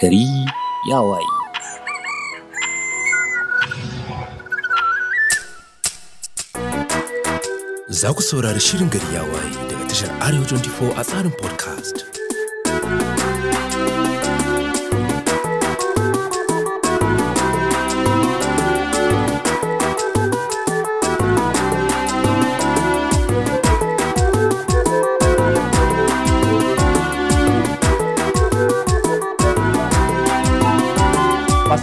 gari ya waye. Za ku saurari shirin gari ya waye daga tashar Arewa 24 a tsarin podcast.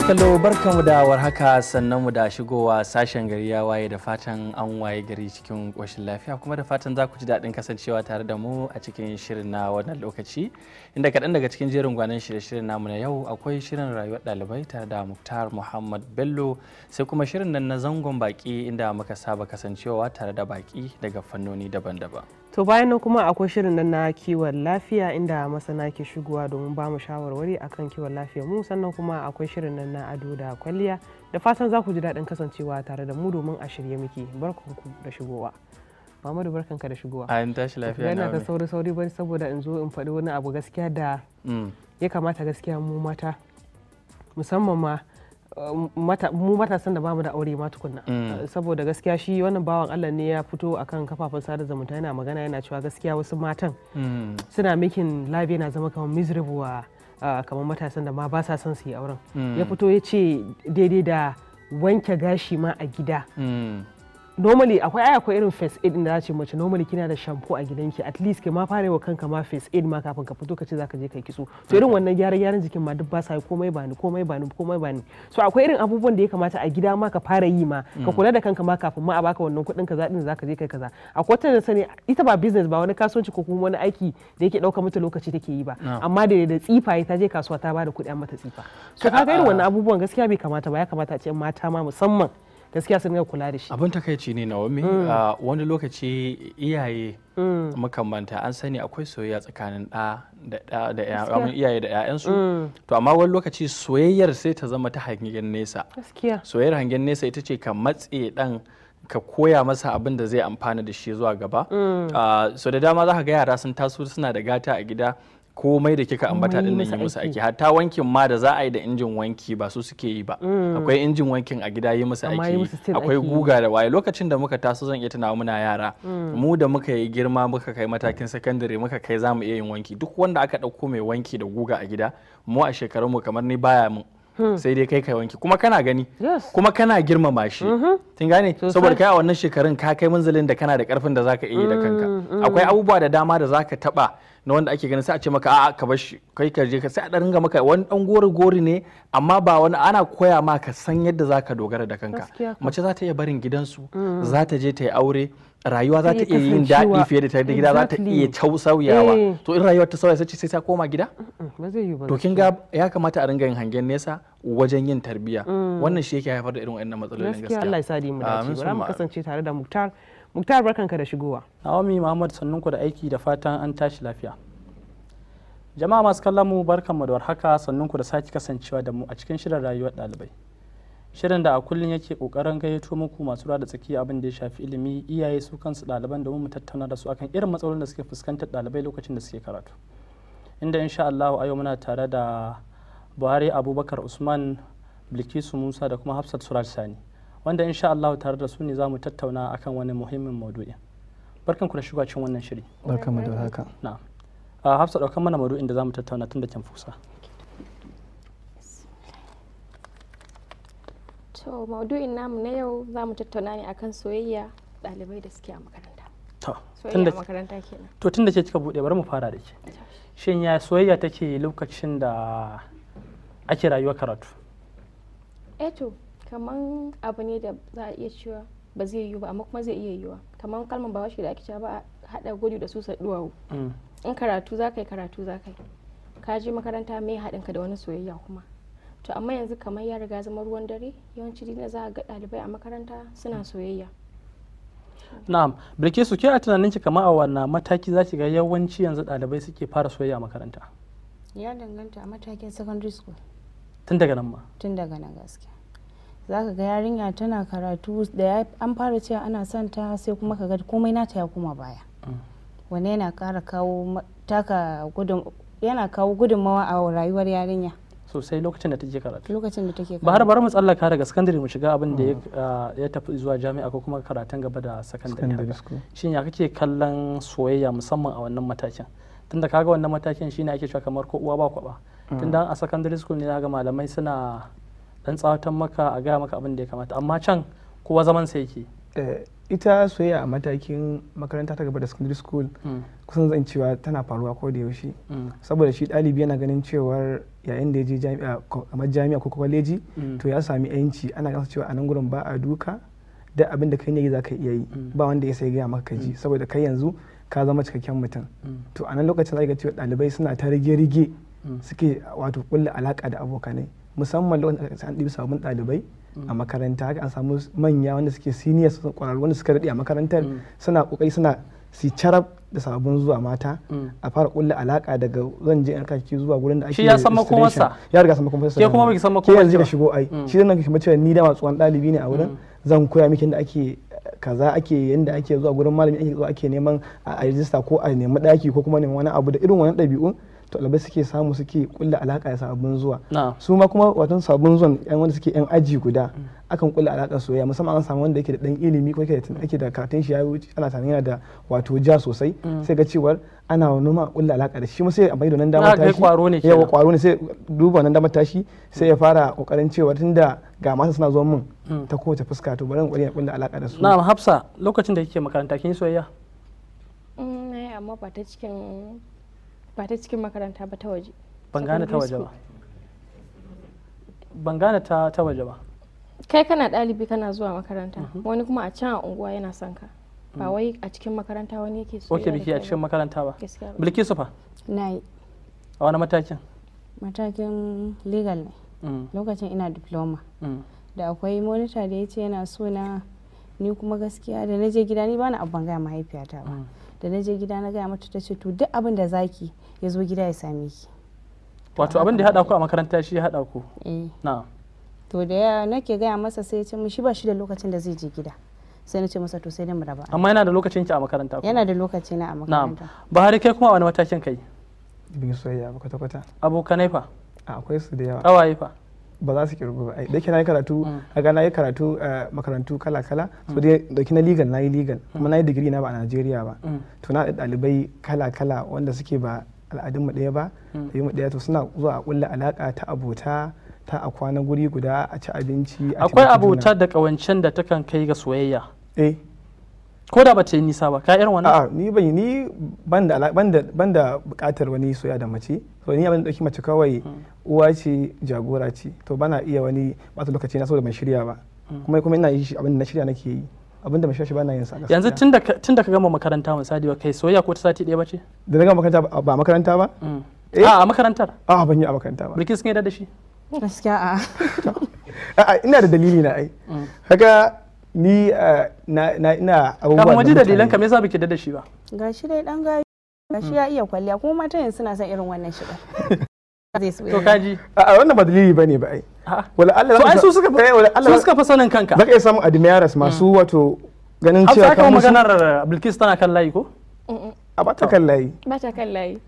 kallo barkanmu da haka sannan mu da shigowa sashen gari ya waye da fatan an waye gari cikin ƙoshin lafiya kuma da fatan za ku ji daɗin kasancewa tare da mu a cikin shirin na wannan lokaci inda kaɗan daga cikin jerin gwanan shirye-shiryen namu na yau akwai shirin rayuwar ɗalibai tare da muktar muhammad bello sai kuma shirin nan na zangon baƙi inda muka saba kasancewa tare da baƙi daga fannoni daban-daban. to bayan nan kuma akwai shirin nan na kiwon lafiya inda masana ke shigowa domin ba mu shawarwari akan kiwon lafiya mu sannan kuma akwai shirin nan na ado da kwalliya da fatan za ku ji daɗin kasancewa tare da mu domin a shirye muke barkanku da shigowa Muhammadu barkanka da shigowa. A tashi lafiya na ta sauri sauri bari saboda in zo in faɗi wani abu gaskiya da mm. ya kamata gaskiya mu mata musamman ma mu matasan da bamu da aure ma tukunna mm. saboda gaskiya shi wannan bawan Allah ne ya fito akan kafafen sada zumunta yana magana yana cewa gaskiya wasu matan mm. suna mikin live yana zama kamar miserable a kamar matasan da ma ba sa son su yi auren mm. ya fito ya ce daidai da wanke gashi ma a gida normally akwai ai akwai irin first aid da ce mace normally kina da shampoo a gidanki at least ke ma fare wa kanka ma first aid ma kafin ka fito ka ce zaka je kai kitso to irin wannan gyaran gyaran jikin ma duk ba sa komai ba ni komai ba ni komai ba ni so akwai irin abubuwan da ya kamata a gida ma ka fara yi ma ka mm. kula da kanka ma kafin ma a baka wannan kuɗin kaza din zaka je kai kaza akwai wata da sani ita ba business ba wani kasuwanci ko kuma wani aiki da yake dauka mata lokaci take yi ba ah. amma da da tsifaye ta je kasuwa ta bada kuɗi mata tsifa so kaga irin wannan abubuwan gaskiya bai kamata ba ya kamata a ce mata ma musamman gaskiya sun yau kula da shi abin takaici ne na wami mm. ah, wani lokaci iyaye mm. makamanta an sani akwai soyayya tsakanin da da iyaye da yayansu mm. to amma wani lokaci soyayyar sai ta zama ta hangen nesa soyayyar hangen nesa ita ce ka matse dan ka koya masa abin da zai amfana da shi zuwa gaba ah, so da dama za ka ga yara sun taso suna da gata a gida komai da kika ambata din nan yi musu aiki hatta wankin ma da za a yi da injin wanki ba su suke yi ba mm. akwai injin wankin a gida yi musu aiki akwai guga da waye lokacin da muka taso zan iya tana muna yara mm. mu da muka yi girma muka kai matakin sakandare muka kai za mu iya yin wanki duk wanda aka ɗauko mai wanki da guga a gida mu a mu kamar ni baya mun hmm. sai dai kai kai wanki kuma kana gani kuma kana girmama shi mm-hmm. kin gane saboda kai a wannan shekarun ka kai manzalin da kana da karfin da zaka iya da mm, kanka akwai abubuwa da dama da zaka taba na wanda ake ganin sai a ce maka a'a ka bashi kai ka je sai a dan ringa maka wani dan gori gori ne amma ba wani ana koya ma ka san yadda zaka dogara da kanka mace za ta iya barin gidansu mm. za ta je ta yi aure rayuwa za ta iya yin daɗi fiye da ta gida za ta iya sauyawa eh. to in rayuwar ta sauya sai sai ta koma gida to kin ga ya kamata a ringa yin hangen nesa wajen yin tarbiyya mm. wannan shi yake haifar da irin wannan matsalolin gaskiya Allah ya sa mu dace bari mu kasance tare da Muktar muktar barkanka da shigowa naomi muhammad ku da aiki da fatan an tashi lafiya jama'a masu kallon mu barkanmu da warhaka sannunku da sake kasancewa da mu a cikin shirin rayuwar ɗalibai shirin da a kullum yake kokarin gayyato muku masu ruwa da abin da ya shafi ilimi iyaye su kansu ɗaliban domin mu tattauna da su akan irin matsalolin da suke fuskantar ɗalibai lokacin da suke karatu inda insha Allah a yau muna tare da Buhari Abubakar Usman Bilkisu Musa da kuma Hafsat Suraj Sani wanda insha Allah tare da su ne za mu tattauna akan wani muhimmin maudu'i barkan ku da shigo cikin wannan shiri barkan mu da haka na'am hafsa daukan mana maudu'in da za mu tattauna tun da kyan fusa to maudu'in namu na yau za mu tattauna ne akan soyayya dalibai da suke a makaranta soyayya a makaranta kenan to tun da ke kika buɗe bari mu fara da ke shin ya soyayya take lokacin da ake rayuwar karatu eh to kaman abu ne da za a iya cewa ba zai yiwu ba amma kuma zai iya yiwuwa kaman kalmar washe da ake cewa ba a haɗa gudu da su sa duwawu mm. in karatu za ka yi karatu za ka yi ka je makaranta mai haɗin ka da wani soyayya kuma to amma yanzu kamar ya riga zama ruwan dare yawanci dina za a ga ɗalibai a makaranta suna soyayya na'am su ke a tunanin ki a wannan mataki za ki ga yawanci yanzu ɗalibai suke fara soyayya a makaranta ya danganta a matakin secondary school tun daga nan ma tun daga nan gaskiya za ka ga yarinya tana karatu da an fara cewa ana son ta sai kuma ka ga komai nata ya kuma baya wane yana kara kawo taka gudun yana kawo gudunmawa a rayuwar yarinya sosai lokacin da take karatu lokacin da take karatu ba har mu tsallaka daga sakandare mu shiga abin da mm. ah, ya tafi zuwa jami'a ko kuma karatun gaba da sakandare shin ya kake kallon soyayya musamman a wannan matakin tunda kaga wannan matakin shine ake cewa kamar ko uwa ba kwaba mm. tunda a sakandare school ne ga malamai suna dan tsawatan maka a gaya maka abin da ya kamata amma can kowa zaman sai yake eh, ita soyayya a matakin makaranta ta gaba da secondary school hmm. kusan zan cewa tana faruwa ko da yaushe hmm. saboda shi ɗalibi yana ganin cewa yayin da ya je jami'a ah, kamar jami'a ko kwaleji hmm. to ya sami yanci ana gasa cewa a nan gurin ba a duka da abin da kai ne za ka iya yi ba wanda ya sai gaya maka kaji saboda kai yanzu ka zama cikakken mutum to a nan lokacin za ga cewa ɗalibai suna ta rige-rige suke wato kulla alaka da abokanai musamman lokacin an ɗibi sabbin ɗalibai a mm. makaranta haka an samu manya wanda suke senior su kwararru wanda suka daɗe a makarantar mm. suna ƙoƙari suna si carab da sabon zuwa mata mm. a fara ƙulla alaƙa daga zan je in kaki zuwa gurin da ake shi ya san makomarsa ya riga san makomarsa ke kuma baki san makomarsa ke yanzu ka shigo ai shi zan ki mace ni da matsuwan ɗalibi ne a wurin zan koya miki da ake kaza ake yanda ake zuwa gurin malami ake zuwa ake neman a rijista ko a nemi daki ko kuma neman wani abu da irin wannan ɗabi'un to alabai suke samu suke kulla alaka da sabon zuwa su ma kuma watan sabon zuwan yan wanda suke yan aji guda mm. akan kulla alaka soyayya musamman an samu wanda yake da dan ilimi ko yake da yake da karatun shi yayi ana tunanin yana da wato ja sosai mm. sai ga cewar ana noma kulla alaka da shi mu sai amfani da nan damar tashi yawa kwaro ne sai duba nan damar tashi sai ya fara kokarin cewa tunda ga masu suna zuwan mun mm. ta kowace fuska to bari in kwari kulla alaka da su na'am hafsa lokacin da kike makaranta kin soyayya amma ba ta cikin ba ta cikin makaranta ba ta waje ban gane ta waje ba ban gane ta ta waje ba kai kana dalibi kana zuwa makaranta mhm. wani kuma a can a unguwa yana son ka ba mm. wai a cikin makaranta wani yake so ok biki a cikin makaranta ba bilkisu fa na yi a wani matakin matakin legal ne mm. lokacin ina diploma mm. da akwai monita da ya ce yana so na ni kuma gaskiya da na je gida ni bana abban gaya mahaifiyata ba da na je gida na gaya mata ta ce to duk abin da zaki ya zo gida ya same ki wato abin da ya haɗa ku a makaranta shi ya haɗa ku eh. Na to da ya nake gaya masa sai ya ce mu shi ba shi da lokacin da zai je gida sai na ce masa to sai dai mu raba amma yana da lokacin ki a makaranta yana da lokaci na a makaranta bahari kai kuma wani matakin kai bin soyayya ba kwata kwata abokanai fa akwai su da yawa kawaye fa ba za su kirgu ba da yake na yi karatu mm. a gana yi karatu a eh, makarantu kala kala mm. so dai da na legal na yi legal mm. kuma na yi digiri na ba a Najeriya ba to na da dalibai kala kala wanda suke ba al'adun mu ɗaya ba da yi mu to suna zuwa a ƙulla alaƙa ta abota ta a kwana guri guda a ci abinci akwai abota da kawancen da takan kai ga soyayya eh ko da bata yi nisa ba ka irin wani ni ban ni banda da banda bukatar wani soyayya da mace so ni abin da dauki mace kawai hmm. uwa ce jagora ce to bana iya wani bata lokaci na saboda mai shirya ba hmm. kuma kuma ina yi abin da na shirya nake yi abin da shi bana yin sa yanzu tun da ka gama makaranta sadi ba kai soyayya ko ta sati ɗaya ba ce da na gama makaranta ba makaranta ba hmm. eh? a makarantar a ban yi a makaranta ba bikin sun yi da shi gaskiya a ina da dalili na ai haka ni eh, na ina abubuwa kamar waje dalilan ka me yasa baki da shi ba gashi dai dan gayu gashi ya iya kwalliya kuma mata yanzu suna son irin wannan shiga to kaji a wannan ba dalili bane ba ai wala Allah to ai su suka eh, su suka fa sanin kanka zaka iya samu admirers masu hmm. wato ganin cewa kamar maganar eh, Bilkis tana kan layi ko a bata kan layi bata kan layi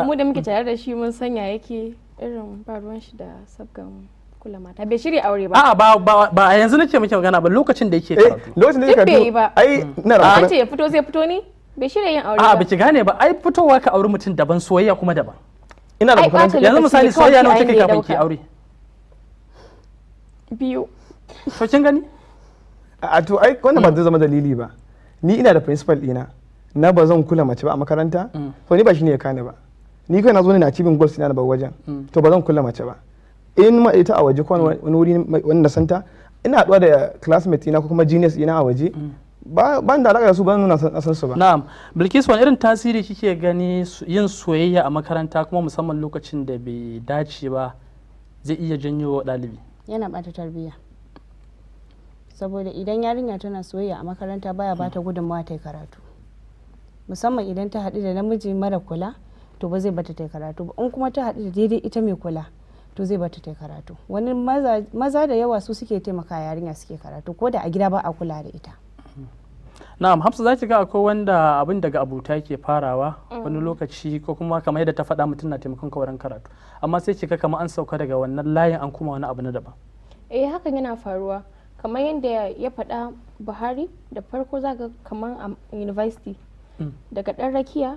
mu da muke tare da shi mun sanya yake irin ba ruwan shi da sabgan kula mata bai shirya aure ba a ba ba a yanzu nake miki magana ba lokacin da yake eh, karatu lokacin da yake karatu ba ai mm. ina rafa ce ya fito zai fito ni bai shirya yin aure ba a biki gane ba ai fitowa ka auri mutum daban soyayya kuma daban ina da kuma yanzu misali soyayya nawa kike kafin ki aure biyu to kin gani a to ai wannan ba mm. zai zama dalili ba ni ina da principal dina na ba zan kula mace ba a makaranta mm. to ni ba shine ya kani ba ni kai na zo ne na cibin goals ina na ba wajen to ba zan kula mace ba in ma ita a waje ko wani wuri wanda santa ina haɗuwa da classmate ina ko kuma genius ina a waje mm. ba da alaƙa da su ba nuna san su ba na'am bilkis wani irin tasiri kike gani yin soyayya a makaranta kuma musamman lokacin da bai dace ba zai iya janyo wa ɗalibi yana ɓata tarbiyya saboda idan yarinya tana soyayya a makaranta baya bata mm. gudunmawa ta karatu musamman idan ta haɗu da namiji mara kula to ba zai bata ta karatu ba in kuma ta haɗu da daidai ita mai kula to zai bata ta karatu wani maza da yawa su suke taimaka yarinya suke karatu ko da a gida ba a kula da ita na'am hamsa za ki ga akwai wanda abin daga abuta ke farawa mm. wani lokaci ko kuma kamar yadda ta faɗa mutum na taimakon kawarin karatu amma sai ki ga kamar an sauka daga wannan layin an kuma wani abu na daban eh hakan yana faruwa kamar yadda ya faɗa buhari da farko za ga kamar a university mm. daga ɗan rakiya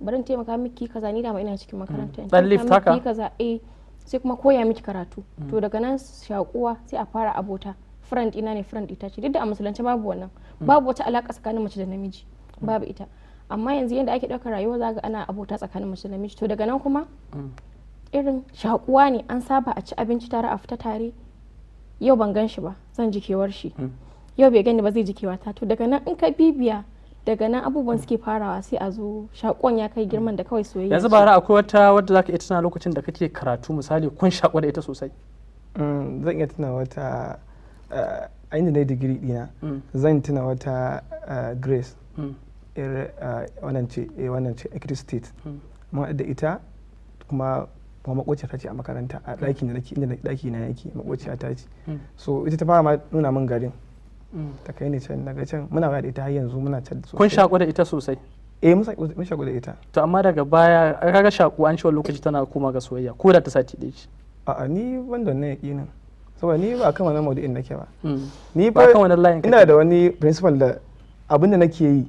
barin taimaka miki kaza ni da ina cikin makaranta mm. ɗan lift haka eh sai kuma koya miki karatu mm. to daga nan shakuwa sai a fara abota friend ina ne friend ita ce duk da a musulunci babu wannan mm. babu wata alaka tsakanin mace da namiji mm. babu ita amma yanzu yadda ake ɗaukar rayuwa za ga ana abota tsakanin mace da namiji to daga nan kuma irin shakuwa ne an saba a ci abinci tare a fita tare yau ban gan shi ba zan jikewar shi yau bai gani ba zai jikewa ta to daga nan in ka bibiya daga nan abubuwan suke farawa sai a zo shakon ya kai girman da kawai soyayya yanzu bara akwai wata wadda zaka iya tuna lokacin da kake karatu misali kun shakwa da ita sosai mm, zan iya tuna wata eh, a inda na yi digiri dina mm. zan tuna wata eh, grace mm. eh, wannan ce wannan ce ekiti state amma da ita kuma kuma makwacin ta ce a makaranta a ɗakin da nake inda ɗaki na yake makwacin ta ce so ita ta fara nuna min garin ta kai ne can daga can muna waya da ita har yanzu muna can sosai kun shaƙo da ita sosai eh mun shaƙo da ita to amma daga baya kaga shaku an shi lokaci tana koma ga soyayya ko da ta sati ɗaya ce a'a ni ban da wannan yakinin saboda ni ba kan wannan maudu'in nake ba hmm. ni ba kan wannan layin ina da wani principal da abin da nake yi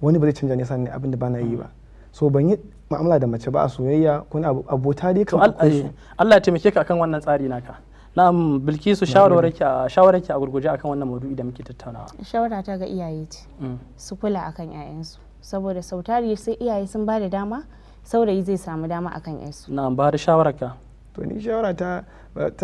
wani ba zai canja ne abin da bana yi ba hmm. so ban yi mu'amala da mace ba a soyayya ko abota dai kan eh, Allah ya taimake ka akan wannan tsari naka na'am bilkisu shawarwarki a shawararki a gurguje akan wannan maudu'i da muke tattaunawa shawara ta ga iyaye ce mm. su kula akan 'ya'yansu saboda sautari sai iyaye sun ba da dama saurayi zai samu dama akan 'yansu na'am ba da ka to ni shawara ta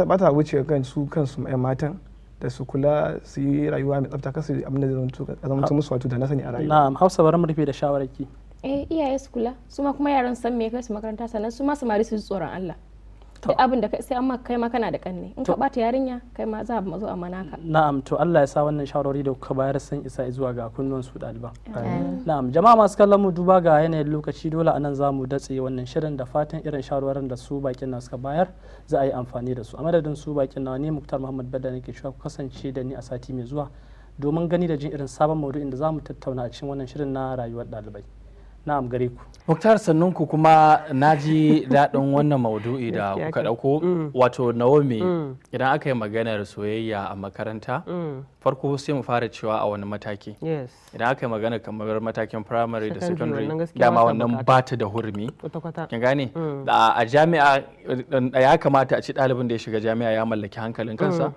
ba ta wuce kan su kansu ƴan matan da su kula su yi rayuwa mai tsafta kasu abin da zama musu wato da na sani a rayuwa na'am hausa bari mu rufe da shawararki eh iyaye su kula su ma kuma yaran san me kai su makaranta sannan su ma mari su tsoron Allah duk abin da sai amma kai ma kana da kanne in ka bata yarinya kai ma za a zo a manaka na'am to Allah ya sa wannan shawarwari da kuka bayar san isa zuwa ga kunnuwan su ɗaliban na'am jama'a masu kallon mu duba ga yanayin lokaci dole anan za mu datse wannan shirin da fatan irin shawarwarin da su bakin nan suka bayar za a yi amfani da su a madadin su bakin nawa ne Muktar Muhammad Bada nake shi ku kasance da ni a sati mai zuwa domin gani da jin irin sabon maudu'in da za tattauna a cikin wannan shirin na rayuwar dalibai. na'am gare ku muktar sannan kuma na ji daɗin wannan maudu'i da kuka ɗauko mm. wato naomi mm. idan aka yi maganar soyayya a makaranta mm. farko sai mu fara cewa a wani mataki idan aka yi maganar kamar matakin primary da secondary dama wannan ba ta da hurumi kin gane a jami'a ya kamata a ci ɗalibin da ya shiga jami'a ya mallaki hankalin kansa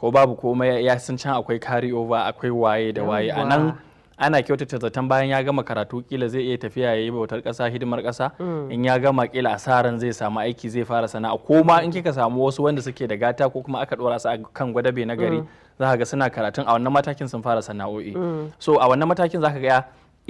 ko babu komai ya san can akwai carry over akwai waye da waye a nan ana kyautata zaton bayan ya gama karatu kila zai iya tafiya ya yi bautar kasa hidimar kasa hmm. in ya gama kila asaran zai samu aiki zai fara sana'a ko ma in kika samu wasu wanda suke da gata ko kuma aka dora su a kan gwadabe na gari hmm. za ga suna karatun a wannan matakin sun fara sana'o'i hmm. so a wannan matakin za ka ga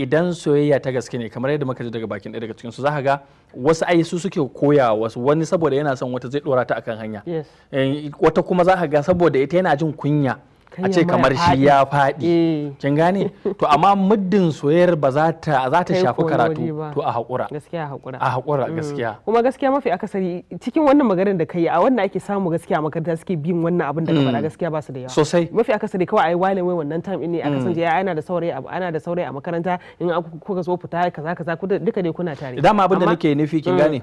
idan soyayya ta gaske ne kamar yadda muka ji daga bakin ɗaya daga cikin su za ka ga wasu ai su suke koya wasu wani saboda yana son wata zai dora ta akan hanya eh, wata kuma za ka ga saboda ita yana jin kunya a ce kamar shi ya faɗi eh. kin gane to amma muddin soyayyar ba za ta za ta shafi karatu to a haƙura gaskiya a haƙura a haƙura mm. gaskiya kuma gaskiya mafi akasari cikin wannan maganar da kai a wannan ake samu gaskiya a makaranta suke bin wannan abin da ka faɗa mm. gaskiya ba su da yawa sosai mafi akasari kawai ai wale wai wannan time ne aka mm. san ya ana da saurayi ana da saurayi a makaranta in kuka zo fita kaza kaza duka dai kuna tare dama abin da nake nufi kin gane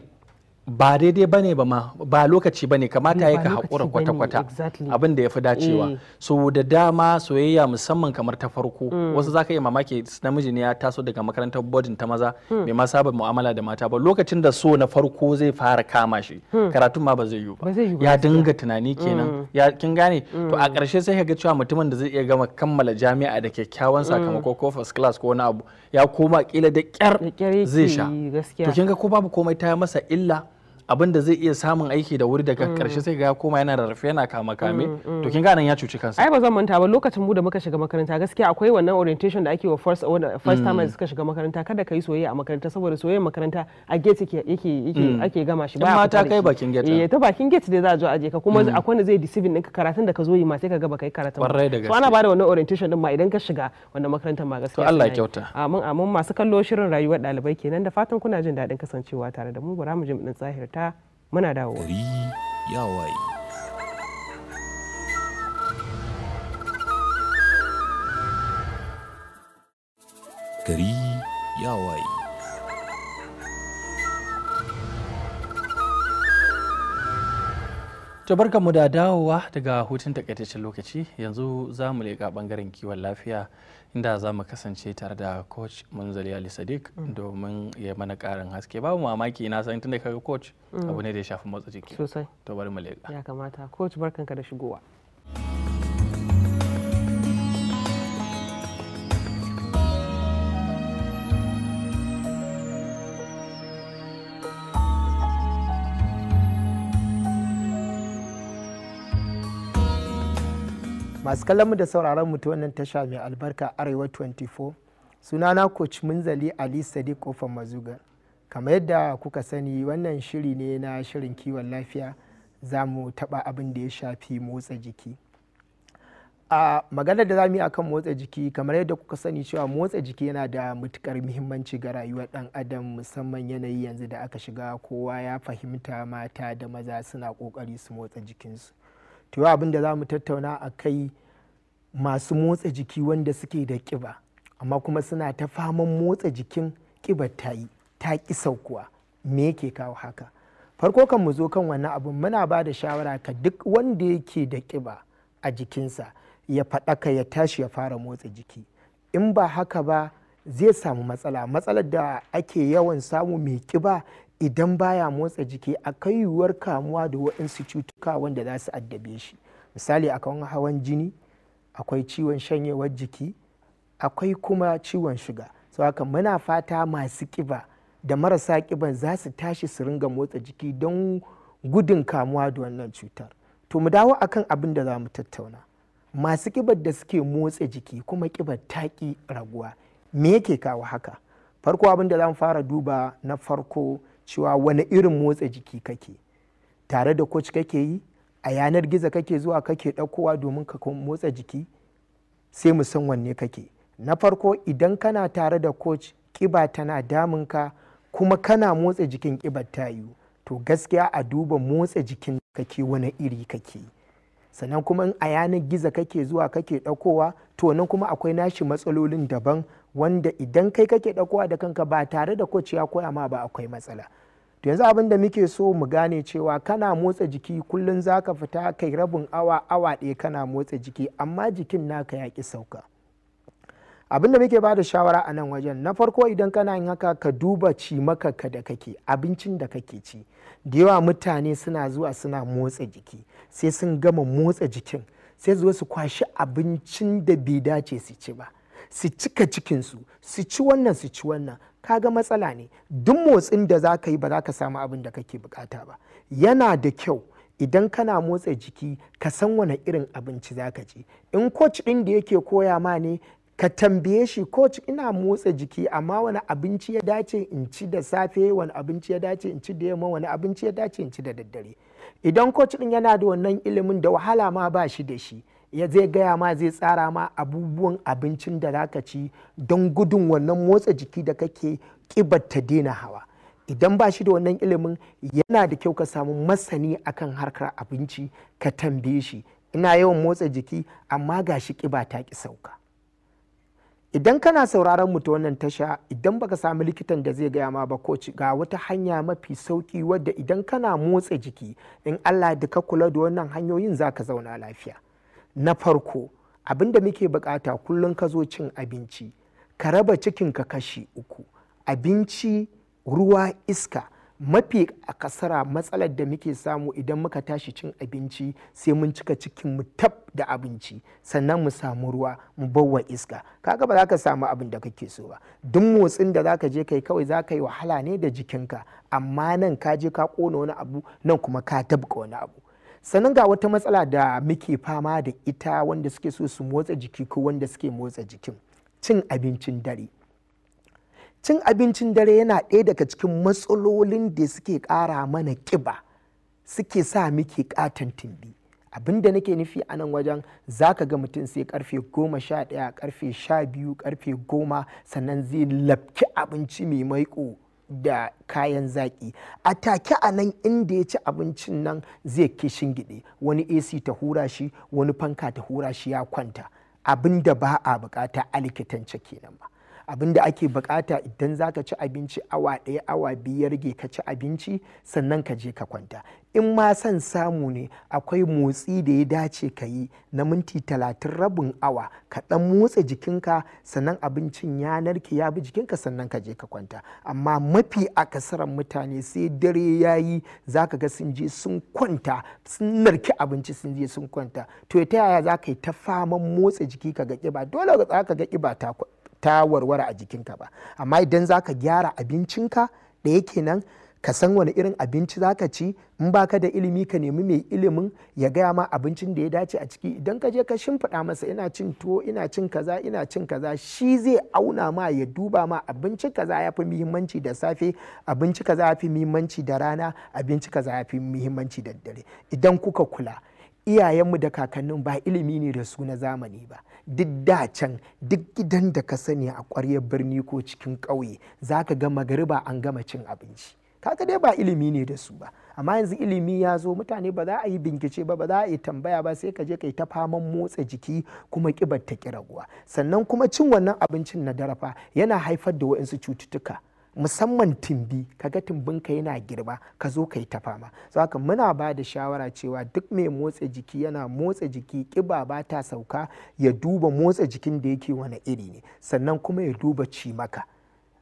ba daidai ba ne ba ma ba lokaci ba ne kamata ya ka haƙura kwata-kwata abin da ya fi dacewa eh. so da dama soyayya musamman kamar ta farko mm. wasu za ka iya mamaki namiji ne ya taso daga makarantar bodin ta maza mai mm. ma saba mu'amala da mata ba lokacin da so na farko zai fara kama shi mm. karatun ma ba zai yiwu ba ya dinga tunani kenan ya kin gane to a ƙarshe sai ka ga cewa mutumin da zai iya gama kammala jami'a da kyakkyawan sakamako ko first class ko wani abu ya koma kila da ƙyar zai sha to kin ga ko babu komai ta masa illa abin da zai iya samun aiki da wuri daga karshe mm. sai ga koma yana rarrafe yana kama kame mm, mm. to kin ga nan ya cuci kansa ai ba zan manta ba lokacin mu da muka shiga makaranta gaskiya akwai wannan orientation da ake wa first first time da suka shiga makaranta kada kai soyayya a makaranta saboda soyayya makaranta a gate yake yake ake gama shi ba mata kai bakin gate eh ta bakin gate dai za a zo aje ka kuma akwai wanda zai deceive ɗinka karatun da ka zo yi ma sai ka gaba baka yi karatun ba ana bada wannan orientation din ma idan ka shiga wannan makarantar ma gaskiya to Allah ya kyauta amin amin masu kallo shirin rayuwar ɗalibai kenan da fatan kuna jin daɗin kasancewa tare da mu bara mu jin ɗin tsahirta ta muna dawo. Gari ya waye. mu da dawowa daga hutun takaitaccen lokaci yanzu za mu leƙa ɓangaren kiwon lafiya inda za mu kasance tare da coach munzali ali sadiq mm. domin ya mana karin haske babu mamaki na san tunda kaga coach mm. abu ne da ya shafi motsa jiki sosai to bari mu lega ya kamata coach barkanka da shigowa masu kallon mu da sauraron mu ta wannan tasha mai albarka arewa 24 sunana coach munzali ali sadiq kofar mazuga kamar yadda kuka sani wannan shiri ne na shirin kiwon lafiya za mu taɓa abin da ya shafi motsa jiki a maganar da za mu yi akan motsa jiki kamar yadda kuka sani cewa motsa jiki yana da matukar muhimmanci ga rayuwar dan adam musamman yanayi yanzu da aka shiga kowa ya fahimta mata da maza suna kokari su motsa jikinsu to yau abin da za mu tattauna a kai masu motsa jiki wanda suke da ƙiba amma kuma suna ta faman motsa jikin ƙiba ta yi ta ƙisau saukuwa me yake kawo haka farko kan mu zo kan wannan abin muna ba da shawara ka duk wanda yake da ƙiba a jikinsa ya faɗaka ya tashi ya fara motsa jiki in ba haka ba zai samu matsala matsalar da ake yawan samu mai ƙiba idan baya motsa jiki akwai yiwuwar kamuwa da waɗansu cutuka wanda za su addabe shi misali akwai hawan jini akwai ciwon shanyewar jiki akwai kuma ciwon shuga sau haka muna fata masu ƙiba da marasa ƙiban za su tashi su ringa motsa jiki don gudun kamuwa da wannan cutar to mu dawo akan abin da za mu tattauna masu ƙibar da suke motsa jiki kuma ƙibar taƙi raguwa me yake kawo haka farko abin da za mu fara duba na farko cewa wani irin motsa jiki kake tare da coach kake yi a yanar gizo kake zuwa kake ɗaukowa domin ka motsa jiki sai mu san wanne kake na farko idan kana tare da coach kiba tana damun ka kuma kana motsa jikin kibar ta yiwu to gaskiya a duba motsa jikin kake wani iri kake sannan kuma a yanar gizo kake zuwa kake ɗaukowa to nan kuma akwai nashi matsalolin daban wanda idan kai kake ɗaukowa da kanka ba tare da coach ya koya ma ba akwai matsala to yanzu abin da muke so mu gane cewa kana motsa jiki kullum za ka fita kai rabin awa awa ɗaya kana motsa jiki amma jikin naka ya ƙi sauka abin da muke ba da shawara a nan wajen na farko idan kana yin haka ka duba ci maka da kake abincin da kake ci da yawa mutane suna zuwa suna motsa jiki sai sun gama motsa jikin sai zuwa su kwashi abincin da bai dace su ci ba su cika cikinsu su ci wannan su ci wannan kaga matsala ne duk motsin da za ka yi ba za ka samu abin da kake bukata ba yana da kyau idan kana motsa jiki ka san wani irin abinci za ka ci in coach ɗin da yake koya ma ne ka tambaye shi coach ina motsa jiki amma wani abinci ya dace in ci da safe wani abinci ya dace in ci da yamma wani abinci ya dace in ci da daddare idan coach din yana da wannan ilimin da wahala ma ba shi da shi ya zai gaya ma zai tsara ma abubuwan abincin da zaka ci don gudun wannan motsa jiki da kake kibar ta daina hawa idan ba shi da wannan ilimin yana da kyau ka samu masani akan harkar abinci ka tambaye shi ina yawan motsa jiki amma gashi kiba ta ki sauka idan kana sauraron mu ta wannan tasha idan baka sami likitan da zai gaya ma ba ko ga wata hanya mafi sauki wadda idan kana motsa jiki in Allah da ka kula da wannan hanyoyin za ka zauna lafiya na farko abinda muke bukata kullum ka zo cin abinci ka raba cikin ka kashi uku abinci ruwa iska mafi a kasara matsalar da muke samu idan muka tashi cin abinci sai mun cika cikin mu tab da abinci sannan mu samu ruwa mu bawa iska kaga ba za ka samu abin da kake so ba duk motsin da za ka je kai kawai za ka yi wahala ne da jikinka amma nan ka je ka kona wani abu nan kuma ka tabka wani abu sannan ga wata matsala da muke fama da ita wanda suke so su motsa jiki ko wanda suke motsa jikin cin abincin dare cin abincin dare yana ɗaya daga cikin matsalolin da suke ƙara mana ƙiba suke sa muke ƙaton tumbi abinda nake nufi a nan wajen za ka ga mutum sai karfe goma sha ɗaya karfe sha biyu karfe goma sannan zai lafki abinci mai maiko da kayan zaƙi a take a nan inda ya ci abincin nan zai kishin shingiɗe wani ac ta hura shi wani fanka ta hura shi ya kwanta abinda ba a bukata a likitance kenan ba abin da ake bukata idan za ka ci abinci awa ɗaya awa biyar rage ka ci abinci sannan ka je ka kwanta in ma son samu ne akwai motsi da ya dace ka yi na minti talatin rabin awa ka ɗan motsa jikinka sannan abincin ya narke ya bi jikinka sannan ka je ka kwanta amma mafi akasaran mutane sai dare ya yi za ka ga sun je sun kwanta sun narki abinci sun je sun kwanta to ta yaya za ka yi ta faman motsa jiki ka ga ƙiba dole za ka ga ƙiba ta ta warware a jikinka ba amma idan za ka gyara abincinka da yake nan ka san wani irin abinci za ka ci in baka da ilimi ka nemi mai ilimin ya gaya ma abincin da ya dace a ciki idan ka je ka shimfiɗa masa ina cin tuwo ina cin kaza ina cin kaza shi zai auna ma ya duba ma abinci kaza ya fi muhimmanci da safe abinci kaza ya fi muhimmanci da rana abinci kaza ya fi muhimmanci da dare idan kuka kula iyayenmu da kakannin ba ilimi ne da su na zamani ba duk da can duk gidan da ka sani a ƙwaryar birni ko cikin ƙauye za ka ga magariba an gama cin abinci kaga dai ba ilimi ne da su ba amma yanzu ilimi ya zo mutane ba za a yi bincike ba ba za a yi tambaya ba sai ka je kai ta faman motsa jiki kuma kibar ta ki raguwa sannan kuma cin wannan abincin na darafa yana haifar da wa'insu cututtuka musamman timbi kaga timbinka yana girma ka zo ka yi ta fama saka muna ba da shawara cewa duk mai motsa jiki yana motsa jiki kiba ba ta sauka ya duba motsa jikin da yake wani iri ne sannan kuma ya duba cimaka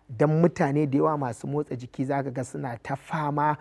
don mutane da yawa masu motsa jiki zaka ga suna ta fama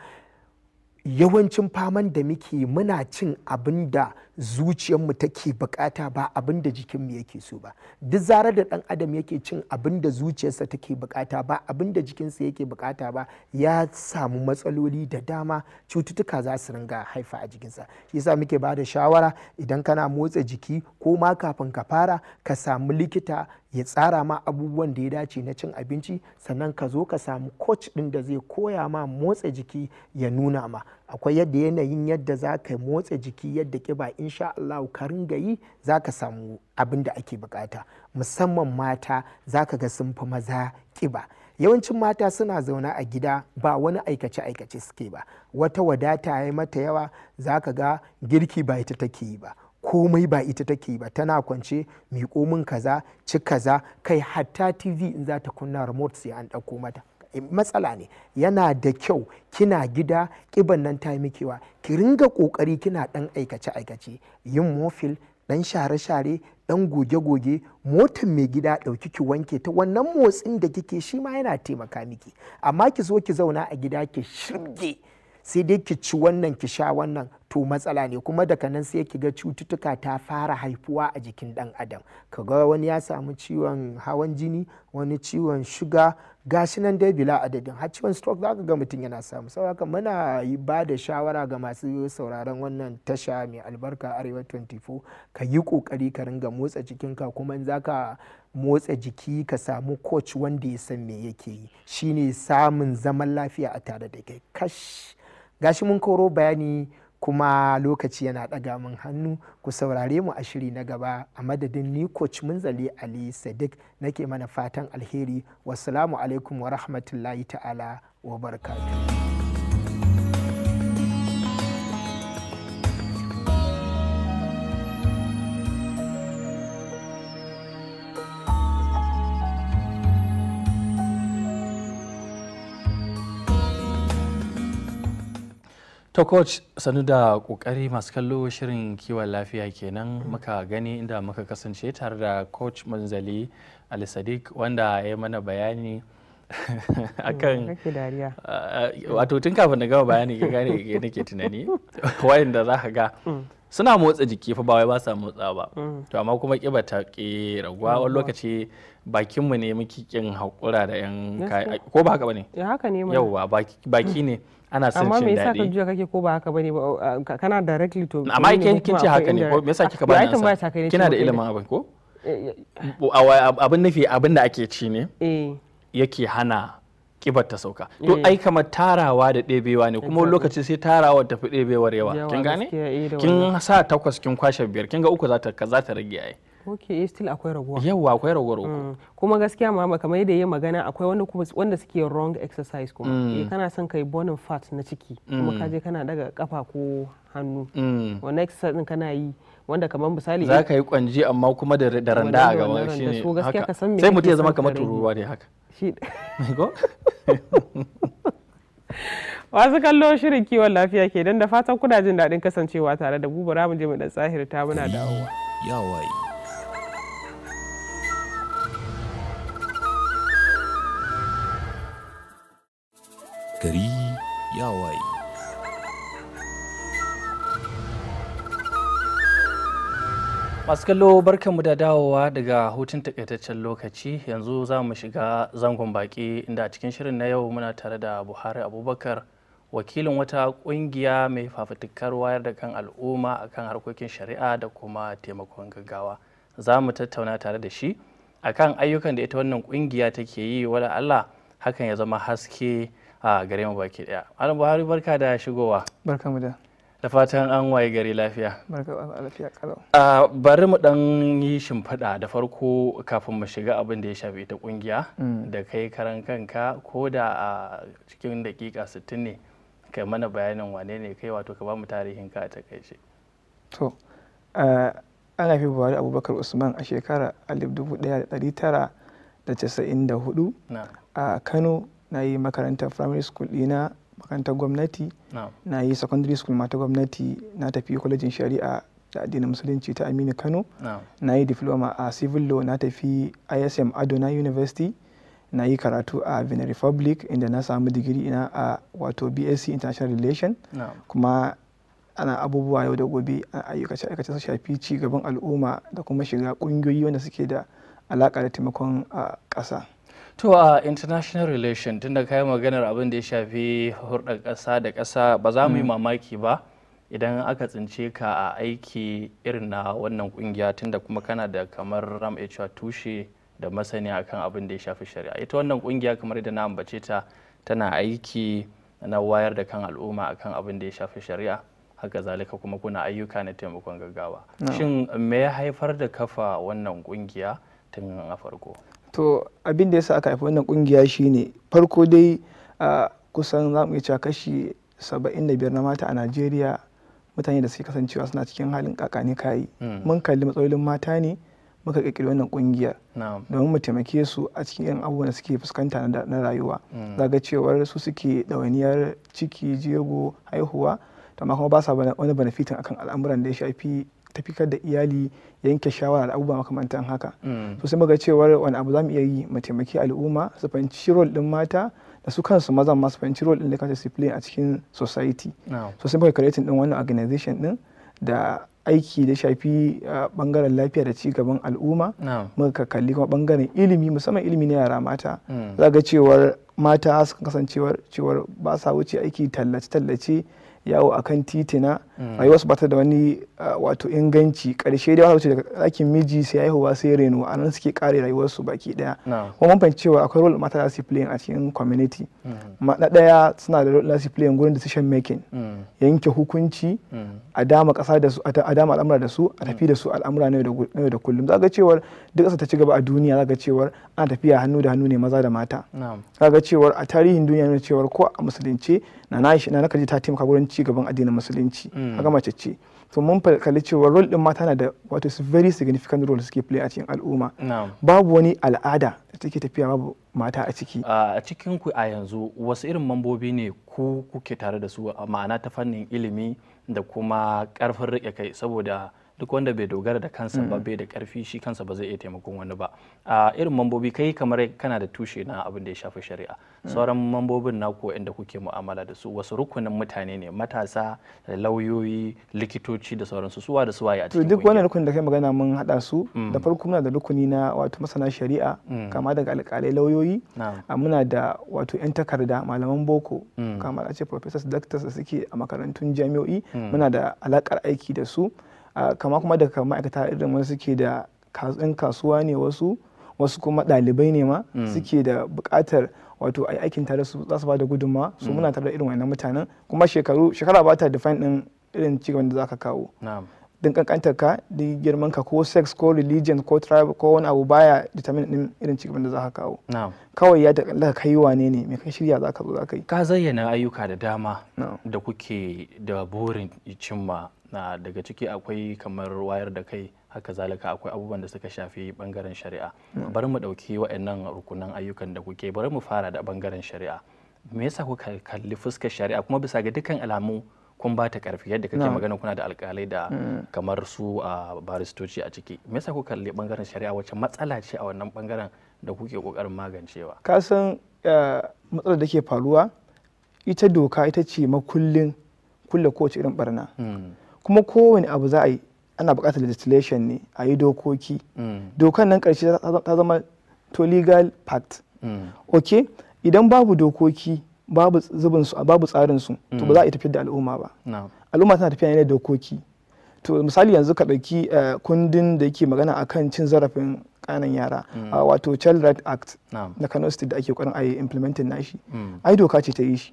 yawancin faman da muke muna cin abin da zuciyarmu take bukata ba abin da jikinmu yake so ba duk zarar da dan adam yake cin abin da zuciyarsa take bukata ba abin da jikinsa yake bukata ba ya samu matsaloli da dama cututtuka za su ringa haifa a jikinsa shi yasa muke ba da shawara idan kana motsa jiki ko ma kafin ka fara ka samu likita ya tsara ma abubuwan da ya dace na cin abinci sannan ka zo ka samu coach ɗin da zai koya ma motsa jiki ya nuna ma akwai yadda yanayin yadda za ka motsa jiki yadda kiba insha Allah ka ringa yi za ka samu abin da ake bukata musamman mata za ka ga sun fi maza kiba yawancin mata suna zauna a gida ba wani aikace-aikace suke ba wata wadata ya mata yawa za ka ga girki ba ita take yi ba komai ba ita take ba tana kwance miƙo min kaza ci kaza kai hatta tv in za ta kunna remote sai an ɗauko mata eh, matsala ne yana da kyau kina gida ƙiban nan ta yi ki ringa ƙoƙari kina ɗan aikace aikace yin mofil ɗan share-share ɗan goge-goge motan mai gida ɗauki ki wanke ta wannan motsin da kike shi ma yana taimaka miki amma ki zo ki zauna a gida ki shirge sai dai ki ci wannan ki sha wannan to matsala ne kuma daga nan sai ki ga cututtuka ta fara haifuwa a jikin dan adam ka ga wani ya samu ciwon hawan jini wani ciwon shuga gashi nan dai bila adadin har ciwon stroke za ka ga mutum yana samu sau haka muna ba da shawara ga masu sauraron wannan tasha mai albarka arewa 24 ka yi kokari ka ringa motsa jikinka kuma za ka motsa jiki ka samu coach wanda ya san me yake yi shine samun zaman lafiya a tare da kai kash gashi mun koro bayani kuma lokaci yana ɗaga min hannu ku saurare mu a shiri na gaba a madadin ni coach munzali ali sadiq nake mana fatan alheri wassalamu alaikum wa rahmatullahi ta'ala wa barakatuh ta coach sanu da kokari masu kallo shirin kiwon lafiya kenan muka gani inda muka kasance tare da coach manzali ali sadiq wanda ya mana bayani akan eh, wato tun kafin na gama bayani ga gane ke nake tunani wayanda za ka ga mm. suna motsa jiki fa ba wai ba sa motsa ba mm. to amma kuma kiba ta ke raguwa wani lokaci bakinmu ne muke kin hakura da yan ko ba haka bane eh, haka ne baki ne ana son amma me yasa ka juya kake ko ba haka bane ba kana directly to amma kin kin ce haka ne ko me yasa kika bani tambaya kina da ilimin abin ko eh, abin nufi abin da ake ci ne eh. yake hana kibar ta sauka to eh. ai kamar tarawa da ɗebewa ne kuma lokaci sai tarawa ta fi ɗebewar yawa kin gane kin sa takwas kin kwashe biyar kin ga uku za ta rage yayi Okay, still akwai raguwa yawwa akwai raguwar uku mm. kuma gaskiya mama kamar yadda yayi magana akwai wanda kuma wanda suke wrong exercise kuma mm. eh kana son kai burning fat na ciki kuma mm. ka je kana daga kafa ko hannu wannan exercise din kana yi wanda kamar misali za ka yi kwanji amma kuma da randa a gaba shine haka sai mutum ya zama kamar tururuwa ne haka shi Wasu kallo shirin kiwon lafiya ke dan da fatan kuna jin daɗin kasancewa tare da gubara mu je mu dan tsahirta ta muna dawowa Yeah, gari ya waye masu kallo barkanmu da dawowa daga hutun takaitaccen lokaci yanzu za mu shiga zangon baki inda a cikin shirin na yau muna tare da buhari abubakar wakilin wata kungiya mai fafutukar wayar da kan al'umma akan harkokin shari'a da kuma taimakon gaggawa za mu tattauna tare da shi akan ayyukan da ita wannan kungiya take yi wala Allah hakan ya zama haske a gare mu baki daya alam buhari barka da shigowa barka mu da da fatan an waye gari lafiya barka lafiya kalau a bari mu dan yi shimfiɗa da farko kafin mu shiga abin da ya shafi ita kungiya mm. da kai karan kanka ko da a cikin dakika 60 ne kai mana bayanin wane ne kai wato ka ba mu tarihin ka kai shi to an haifi buhari abubakar usman a shekara 1994 a kano na yi makarantar primary school dina makarantar gwamnati na yi secondary school mata gwamnati na tafi kwalejin shari'a da addinin musulunci ta aminu kano na yi diploma a civil law na tafi ism adona university na yi karatu a Vina republic inda na samu digiri ina a wato bsc international relation kuma ana abubuwa yau da gobe a ayyukace aikace su shafi ci gaban al'umma da kuma shiga ƙungiyoyi wanda suke da alaƙa da taimakon a ƙasa. to a international relation tun da kayi maganar abin da ya shafi hurɗar ƙasa da ƙasa ba za mu yi mm. mamaki ba idan aka tsince ka a aiki irin na wannan kungiya tunda kuma kana da kamar ram tushe da masani akan abin da ya shafi shari'a ita wannan kungiya kamar da na ambace ta tana aiki na wayar da kan al'umma akan abin da ya shafi shari'a haka zalika kuma kuna ayyuka na taimakon gaggawa shin me ya haifar da kafa wannan kungiya tun a farko to abin da ya aka haifi wannan kungiya shine farko dai a kusan za mu kashi saba'in da biyar na mata a najeriya mutane da suke kasancewa suna cikin halin kakani kayi hmm. mun kalli matsalolin mata ne muka kirkiri wannan kungiyar domin mu taimake su a cikin yan abubuwan da suke fuskanta na rayuwa hmm. zaga cewar su suke ɗawainiyar ciki jego haihuwa amma kuma ba sa wani benefitin akan al'amuran da ya shafi tafikar da iyali yanke shawara da abubuwa makamantan haka so mm. sai muga cewar wani abu za mu iya yi mu taimaki al'umma su fahimci role din mata da su kansu maza ma su fahimci role din da kansu su play a cikin society so sai muka creating din wannan organization din da aiki da shafi bangaren lafiya da ci gaban al'umma muka kalli kuma bangaren ilimi musamman ilimi na yara mata mm. za ga cewar mata su kasancewar cewar ba sa wuce aiki tallace-tallace yawo a kan titina mm. rayuwar wasu bata da wani ah, wato inganci karshe dai wata daga ɗakin miji sai haihuwa sai reno a nan suke kare rayuwar su baki daya kuma mun fahimci cewa akwai role mata da su playing a cikin community mm. na daya suna da role da su playing gurin decision making mm. yanke hukunci a dama kasa da su a dama al'amura da su a tafi da su al'amura na yau da kullum zaka cewar duk kasa ta ci gaba a duniya za ga cewar ana tafiya hannu da hannu ne maza da mata za ga cewar a tarihin duniya ne cewar ko a musulunci na na na ta taimaka gurin ci gaban addinin musulunci mm. haka mace ce to mun kalli cewar role din mata na da wato is very significant role suke play a cikin al'umma babu wani al'ada da take tafiya babu mata a ciki a cikin ku a yanzu wasu irin mambobi ne ku kuke tare da su ma'ana ta fannin ilimi da kuma ƙarfin riƙe kai saboda duk wanda bai dogara da kansa ba mm. bai da karfi shi kansa ba zai iya taimakon wani ba a irin mambobi kai kamar kana da tushe na abin da ya shafi shari'a mm. sauran mambobin na naku inda kuke mu'amala da su wasu rukunin mutane ne matasa lauyoyi likitoci da sauransu suwa da suwaye a cikin duk wani rukunin da kai magana mun hada su mm. da farko muna da rukuni na wato masana shari'a kama daga alƙalai lauyoyi muna da wato 'yan takarda malaman boko kamar a ce professors doctors da suke a makarantun jami'o'i muna da alakar aiki da su kama kuma daga ma'aikata irin wani suke da yan kasuwa ne wasu wasu kuma ɗalibai ne ma mm. suke da buƙatar wato a aikin tare su za su ba da gudunma su mm. muna tare da irin wannan mutanen kuma shekaru shekara ba ta define ɗin irin cigaban da za ka kawo din kankantar ka din girman ka ko sex ko religion ko tribe ko wani abu baya determine din irin cigaban da za ka kawo kawai ya da kai wane ne mai kan shirya za ka zo za ka yi ka zayyana ayyuka da dama da kuke da burin cimma na daga ciki akwai kamar wayar da kai haka zalika akwai abubuwan da suka shafi bangaren shari'a hmm. bari mu ɗauki wa'annan rukunan ayyukan da kuke bari mu fara da bangaren shari'a me yasa kuka kalli fuskar shari'a kuma bisa ga dukkan alamu kun ba ta karfi yadda kake magana kuna da alkalai da hmm. kamar su a baristoci a ciki me yasa kuka kalli bangaren shari'a wacce matsala ce a wannan bangaren da kuke kokarin magancewa ka san eh, matsalar da ke faruwa ita doka ita ce makullin kulle kowace irin barna hmm. kuma kowane abu za a yi ana buƙatar legislation ne a yi dokoki mm. dokan nan ƙarshe ta zama to legal pact mm. ok idan babu dokoki babu zubin su babu tsarin su to ba za a mm. yi tafiyar da al'umma ba al'umma tana tafiya ne da dokoki to misali yanzu ka ɗauki eh, kundin da yake magana akan cin zarafin kanan yara a wato child right act na kano state da ake ƙoƙarin a yi implementing nashi ai doka ce ta yi shi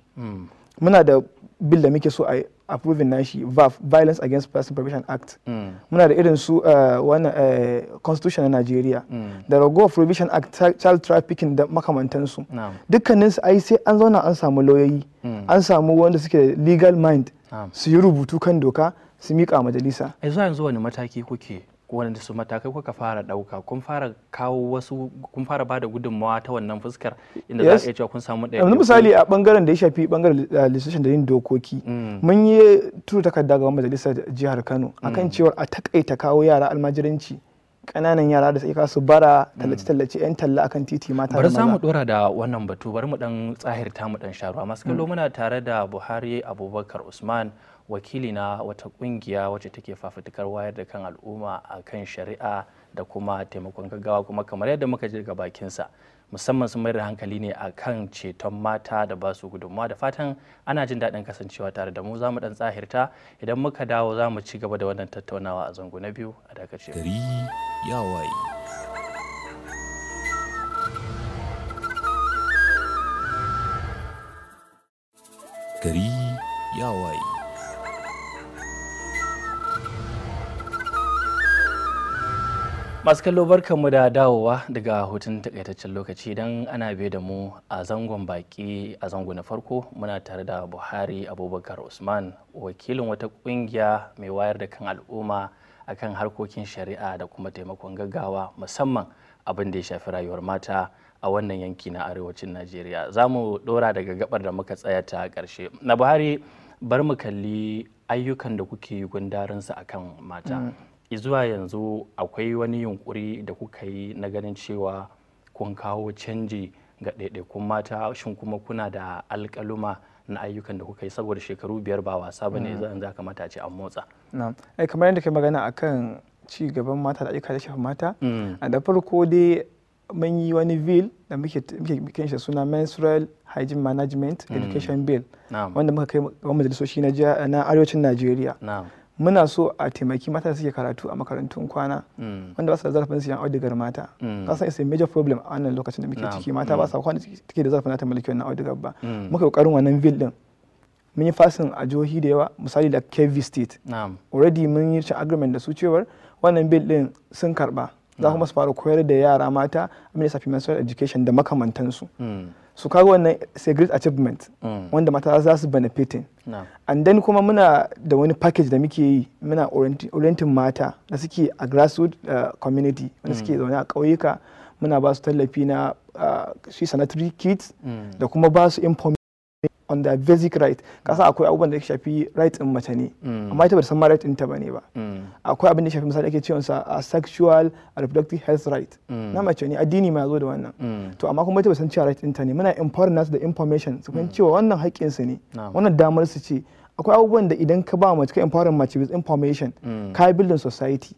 muna da bil da muke so a approving nashi VAF Violence Against Person prohibition Act mm. muna da irin su eh, wani eh, constitution na nigeria mm. da ragowar Prohibition Act Child Trafficking da makamantansu su ai sai an zauna an samu lauyoyi mm. an samu wanda suke da legal mind su yi rubutu kan doka su miƙa majalisa. a yanzu wani mataki kuke wanda su matakai kuka fara ɗauka kun fara kawo wasu kun fara bada gudunmawa ta wannan fuskar inda za a iya cewa kun samu ɗaya yanzu misali a bangaren da ya shafi bangaren eh, legislation da yin dokoki mm. mun yi turu takarda ga majalisar jihar Kano mm. akan cewa a takaita kawo yara almajiranci kananan yara da suka su bara mm. tallace-tallace 'yan talla akan titi mata bari samu dora da wannan batu bari mu dan tsahirta mu dan sharuwa masu kallo muna tare da Buhari Abubakar Usman wakili na wata kungiya wacce take fafutukar wayar da kan al'umma a kan shari'a da kuma taimakon gaggawa kuma kamar yadda muka ji daga bakinsa musamman sun mayar da hankali ne a kan ceton mata da ba su gudunmuwa da fatan ana jin daɗin kasancewa tare da mu za mu ɗan tsahirta idan muka dawo za mu ci gaba da wannan tattaunawa a zango na biyu a dakace. Gari gari ya waye. masu kallo barkanmu da dawowa daga hutun takaitaccen lokaci don ana biye da mu a zangon baki a zango na farko muna tare da buhari abubakar usman wakilin wata kungiya mai wayar da kan al'umma akan harkokin shari'a da kuma taimakon gaggawa musamman abin da ya shafi rayuwar mata a wannan yanki na arewacin najeriya za mu dora daga gabar da muka tsaya ta karshe na buhari bar mu kalli ayyukan da kuke yi gundarinsa akan mata mm. zuwa yanzu akwai wani yunkuri da kuka yi na ganin cewa kun kawo canji ga ɗaiɗaikun mata shin kuma kuna da alƙaluma na ayyukan da kuka yi saboda shekaru biyar ba wasa ba ne mm. yanzu za ka mata ce an motsa na'am eh, kamar yadda kai magana akan ci gaban mata da ayyuka da shafa mata mm. a da farko dai mun yi wani bill da muke kan shi suna menstrual hygiene management mm. education bill wanda muka kai wa majalisoshi na arewacin najeriya muna so a taimaki mata da suke karatu a makarantun kwana mm. wanda ba su da zarafin siyan audigar mata mm. ka sa is a major problem a wannan lokacin da muke ciki mata ba sa mm. kwana take da zarafin ta mulki wannan audigar ba muka kokarin wannan bill din mun yi fasin a jihohi da yawa misali da Kebbi state already mun yi agreement da su cewar wannan bill din sun karba za kuma su fara koyar da yara mata a da of da education da makamantansu su kawo wannan sai great achievement mm. wanda mata za su benefiting and then kuma muna da wani package da muke yi muna orienting mata da suke a grassroots uh, community wanda suke mm. zaune a ƙauyuka muna ba su tallafi na uh, shi sanitary mm. da kuma ba su on their basic right kasa akwai abubuwan da ya shafi right din mace ne mm. amma ita ba san ma right ɗinta ba ne mm. ba akwai abin da ya shafi misali ake cewa sa a sexual reproductive health right mm. na mace ne addini ma zo da wannan to amma kuma ita ba san cewa right ta ne muna important nasu da information su kan cewa wannan haƙƙin su ne wannan damar su ce akwai abubuwan da idan ka ba mace ka empowering mace with information ka building society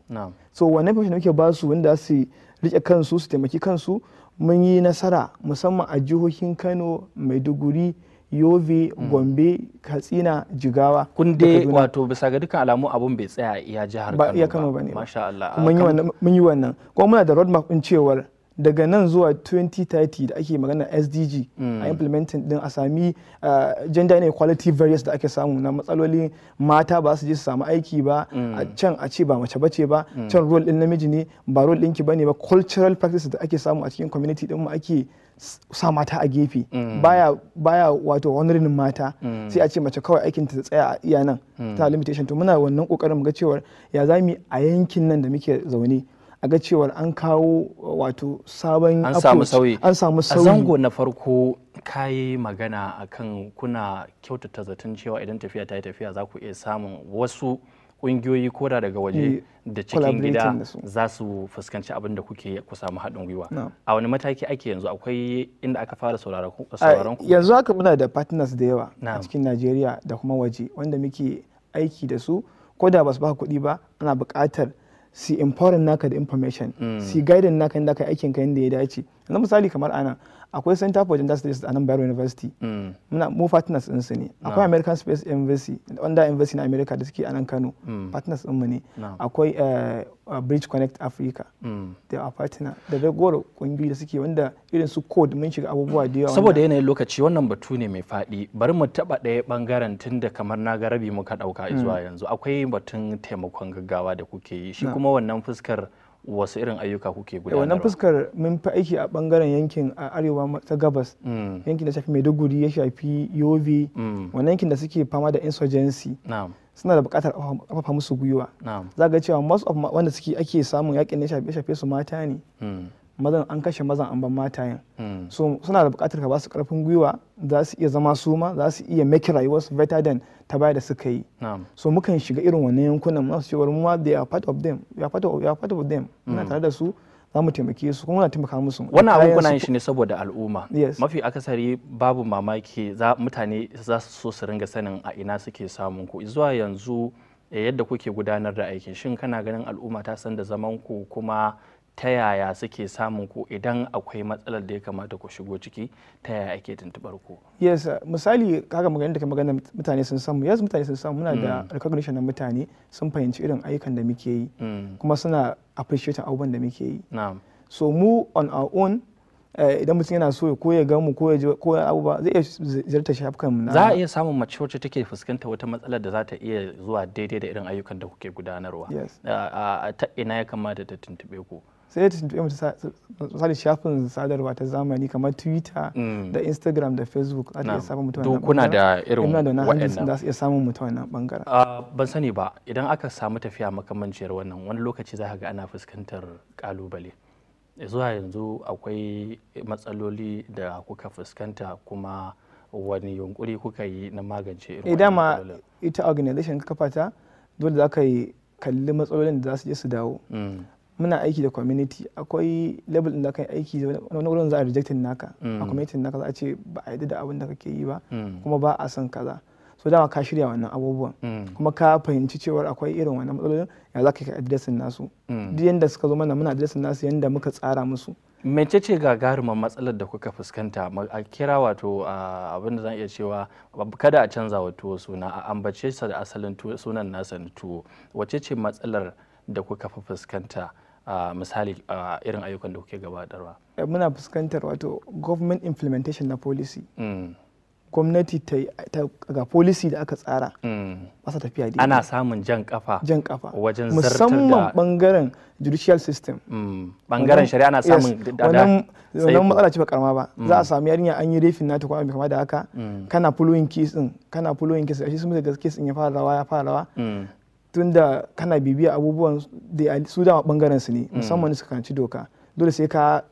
so wannan information da muke ba su wanda su rike kansu su taimaki kansu mun yi nasara musamman a jihohin Kano Maiduguri yobe mm. gombe katsina jigawa kun dai wato bisa ga dukkan alamu abun bai tsaya iya jihar ba iya kano ba masha Allah mun yi wannan kuma muna da roadmap din cewar daga nan zuwa 2030 da ake magana sdg mm. a implementing din a sami uh, gender inequality various da ake samu na matsaloli mata ba su je su samu aiki ba a mm. can a ce ba mace bace ba can role din namiji ne ba role ɗinki ba ne ba cultural practices da ake samu a cikin community din mu ake sa mata a gefe mm. baya baya wato honorin mata mm. sai a ce mace kawai aikin ta tsaya a iya nan ta mm. limitation to muna wannan kokarin ga cewar ya zami a yankin nan da muke zaune a ga cewar an kawo uh, wato sabon an samu sauyi an samu sauyi a zango na farko kayi magana akan kuna kyautata zaton cewa idan tafiya ta yi tafiya za ku iya samun wasu kungiyoyi koda daga waje eh, da cikin gida za su fuskanci abin da kuke ku samu haɗin gwiwa a wani mataki ake yanzu akwai inda aka fara sauraron ku yanzu haka muna da partners da yawa a cikin Najeriya da kuma waje wanda muke aiki da su ko da ba su baka kuɗi ba ana buƙatar si important naka da information mm. si guiding naka inda kai aikin ka inda ya dace yanzu misali kamar anan. akwai center for gender studies a nan bayero university mm. muna mu partners ɗinsu ne akwai american space embassy wanda embassy na america da suke a nan kano mm. partners din mu ne akwai eh, bridge connect africa da mm. a partner da dai goro kungiyoyi da suke wanda irin su code mun shiga abubuwa da yawa saboda yanayin lokaci wannan batu ne mai faɗi bari mu taba ɗaya bangaren tun da kamar na ga rabi muka ɗauka zuwa yanzu akwai batun taimakon gaggawa da kuke yi shi kuma wannan fuskar wasu irin ayyuka kuke gudanarwa wannan fuskar mun fi aiki a bangaren yankin a arewa ta gabas mm. yankin da shafi maiduguri ya shafi yobe mm. wannan yankin da suke fama da insurgency suna da bukatar kafafa musu gwiwa za ga cewa most of wanda suke ake samun yakin ya shafe su mata ne mm. mazan an kashe mazan an ban matayen so suna da bukatar ka ba su karfin gwiwa za su iya zama suma za su iya make rayuwarsu better than ta baya da suka yi so mukan shiga irin wani yankunan masu cewar mu ma they are part of them we are part of, we part of them mm. muna tare da su za mu taimake su kuma muna taimaka musu wannan abin kuna yin shi ne saboda al'umma mafi akasari babu mamaki za mutane za su so su ringa sanin a ina suke samu ku zuwa yanzu eh, yadda kuke gudanar da aikin shin kana ganin al'umma ta san da zaman ku kuma ta yaya suke samun ku idan akwai matsalar da ya kamata ku shigo ciki ta yaya ake tuntubar ku yes misali kaga magana da magana mutane sun samu yes mutane sun samu muna da mm. recognition na mutane sun fahimci irin ayyukan da muke yi mm. kuma suna appreciate abubuwan da muke yi so mu on our own eh, idan mutum yana so ya koya ga mu ko ya ko abubuwa zai iya ziyarta shafukan mu za a iya samun mace wacce take fuskanta wata matsalar da za ta iya zuwa daidai da irin ayyukan da kuke gudanarwa ta ina ya kamata ta tuntube ku sai ta tuntuɓe mu misali shafin sadarwa ta zamani kamar twitter mm. da instagram da facebook za ta iya samun mutum wannan kuna da irin waɗannan za su iya samun mutum wannan bangaren ah, ban sani ba idan aka samu tafiya makamanciyar wannan wani lokaci za ka ga ana fuskantar kalubale zuwa yanzu akwai matsaloli da kuka fuskanta kuma wani yunkuri kuka yi na magance irin wannan eh, dama ita organization ka kafa ta dole za ka yi kalli matsalolin da za su je su dawo mm. muna aiki da community akwai level din da kai aiki wani wurin za a rejectin naka mm. a community naka za a ce ba a yadda da abin da kake yi ba mm. kuma ba a son kaza so dama ka shirya wannan abubuwan mm. kuma ka fahimci cewar akwai irin wannan matsalolin ya za ka yi addressin nasu duk yanda suka zo mana muna addressin nasu yadda muka tsara musu mece ce gagarumin matsalar da kuka fuskanta a kira wato abin da zan iya cewa kada a canza wa tuwo suna a ambace sa da asalin sunan nasa na tuwo wace ce matsalar da kuka fi fuskanta misali irin ayyukan da kuke gabatarwa muna fuskantar wato government implementation na policy mm. gwamnati ta ga policy da aka tsara mm. masa tafiya daidai ana samun jan kafa jan kafa wajen zartar da musamman bangaren judicial system bangaren mm. shari'a ana samun wannan wannan matsala ce ba karama ba za a sami yarinya an yi refin nata kuma kama da haka kana following case din kana following case shi sun da case din ya fara rawa ya fara rawa tunda kana bibiya abubuwan da su dama bangaren su ne mm. musamman su karanci doka dole sai ka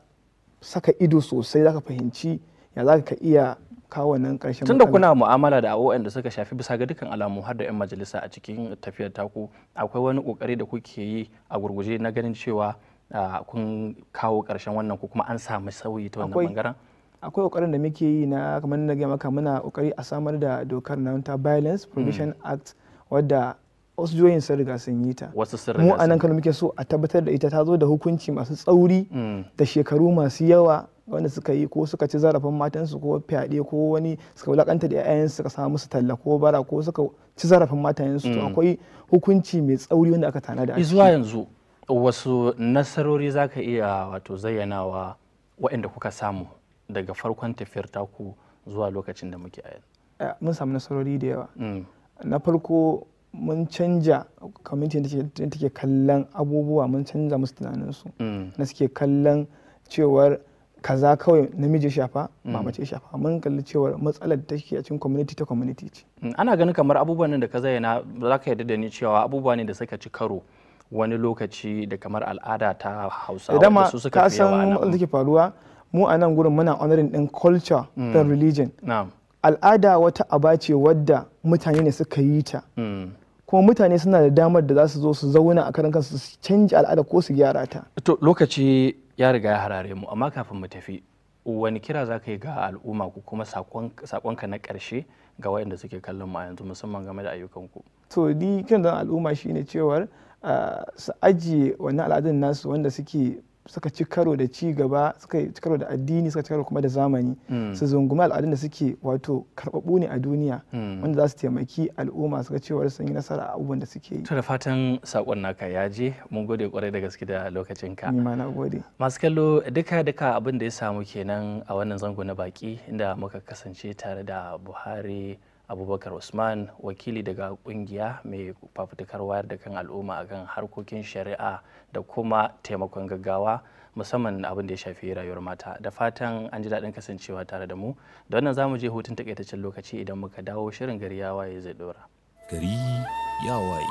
saka ido sosai zaka fahimci ya zaka ka iya kawo wannan karshen tunda kuna mu'amala da awo'an da suka shafi bisa ga dukkan alamu har da 'yan majalisa a cikin tafiyar taku akwai wani kokari da kuke yi a gurguje na ganin cewa kun kawo karshen wannan ko kuma an samu sauyi ta wannan bangaren akwai kokarin da muke yi na kamar na gaya maka muna kokari a samar da dokar na ta violence provision mm. act wadda wasu juyoyin sun riga sun yi ta wasu a nan mu kano muke so a tabbatar da ita ta zo da hukunci masu tsauri mm. da shekaru masu yawa wanda suka yi ko suka ci zarafin matansu ko fyaɗe ko wani suka wulakanta da 'ya'yansu suka samu musu talla ko bara ko suka ci zarafin matansu to mm. akwai hukunci mai tsauri wanda aka tanada zuwa yanzu wasu nasarori za ka iya wato zayyanawa waɗanda kuka samu daga farkon tafiyar taku zuwa lokacin da muke a eh, mun samu nasarori da yawa mm. na farko mun canja community da take kallon abubuwa mun canja musu tunaninsu mm. na suke kallon cewar kaza kawai namiji shafa mm. ba mace shafa mun kalli cewar matsalar da take a cikin community ta community ce mm. ana ganin kamar abubuwan nan da ka zayyana za ka yarda da ni cewa abubuwa ne da suka ci karo wani lokaci da kamar al'ada ta hausawa da su suka fi yawa matsalar take faruwa mu a nan gurin muna honoring din culture din religion al'ada wata aba ce wadda mutane ne suka yi ta kuma mutane suna da damar da za su zo su zauna a karan kansu su canja al'ada ko su gyara ta to lokaci ya riga ya harare mu amma kafin mu tafi wani kira za ka yi ga al'umma ku kuma sakonka na ƙarshe ga waɗanda suke kallon mu a yanzu musamman game da ayyukan ku to ni kiran al'umma shine cewar ah, su ajiye wannan al'adun nasu wanda suke suka ci karo da ci gaba suka ci karo da addini suka ci karo kuma da zamani hmm. su zungumi al'adun da suke wato karɓaɓɓu ne a duniya hmm. wanda za su taimaki al'umma suka cewa sun yi nasara a abubuwan da suke yi. fatan sakon naka ya je mun gode kwarai da gaske da lokacinka. ni ma na gode. masu kallo duka duka abin da ya samu kenan a wannan zango na baki inda muka kasance tare da buhari abubakar usman wakili daga kungiya mai fafutukar wayar da kan al'umma a kan harkokin shari'a da kuma taimakon gaggawa musamman abin da ya shafi rayuwar mata da fatan an ji daɗin kasancewa tare da mu da wannan zamu je hutun takaitaccen lokaci idan muka dawo shirin gari ya waye zai dora gari ya waye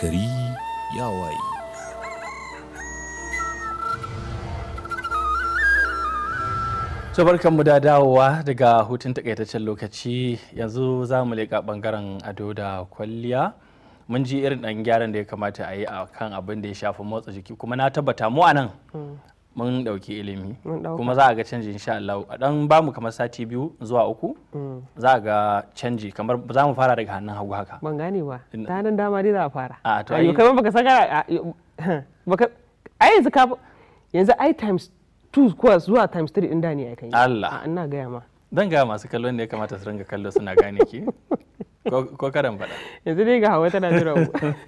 gari ya waye so barkan mu da dawowa daga hutun takaitaccen lokaci yanzu za mu leƙa ɓangaren ado da kwalliya mun ji irin ɗan gyaran da ya kamata a yi a kan abin da ya shafi motsa jiki kuma na tabbata mu a nan mm. mun ɗauki ilimi kuma za a ga canji insha Allah a ɗan ba mu kamar sati biyu zuwa uku mm. za a ga canji kamar za mu fara daga hannun hagu haka ban gane ba ta nan dama dai za a fara a to ayi kamar baka saka ai yanzu ka yanzu ai times 2 kuwa zuwa times 3 din da ne ya kai Allah ina gaya ma dan ga masu kallon ne ya kamata su ringa kallo suna gane ki ko karan faɗa yanzu dai ga hawa tana jira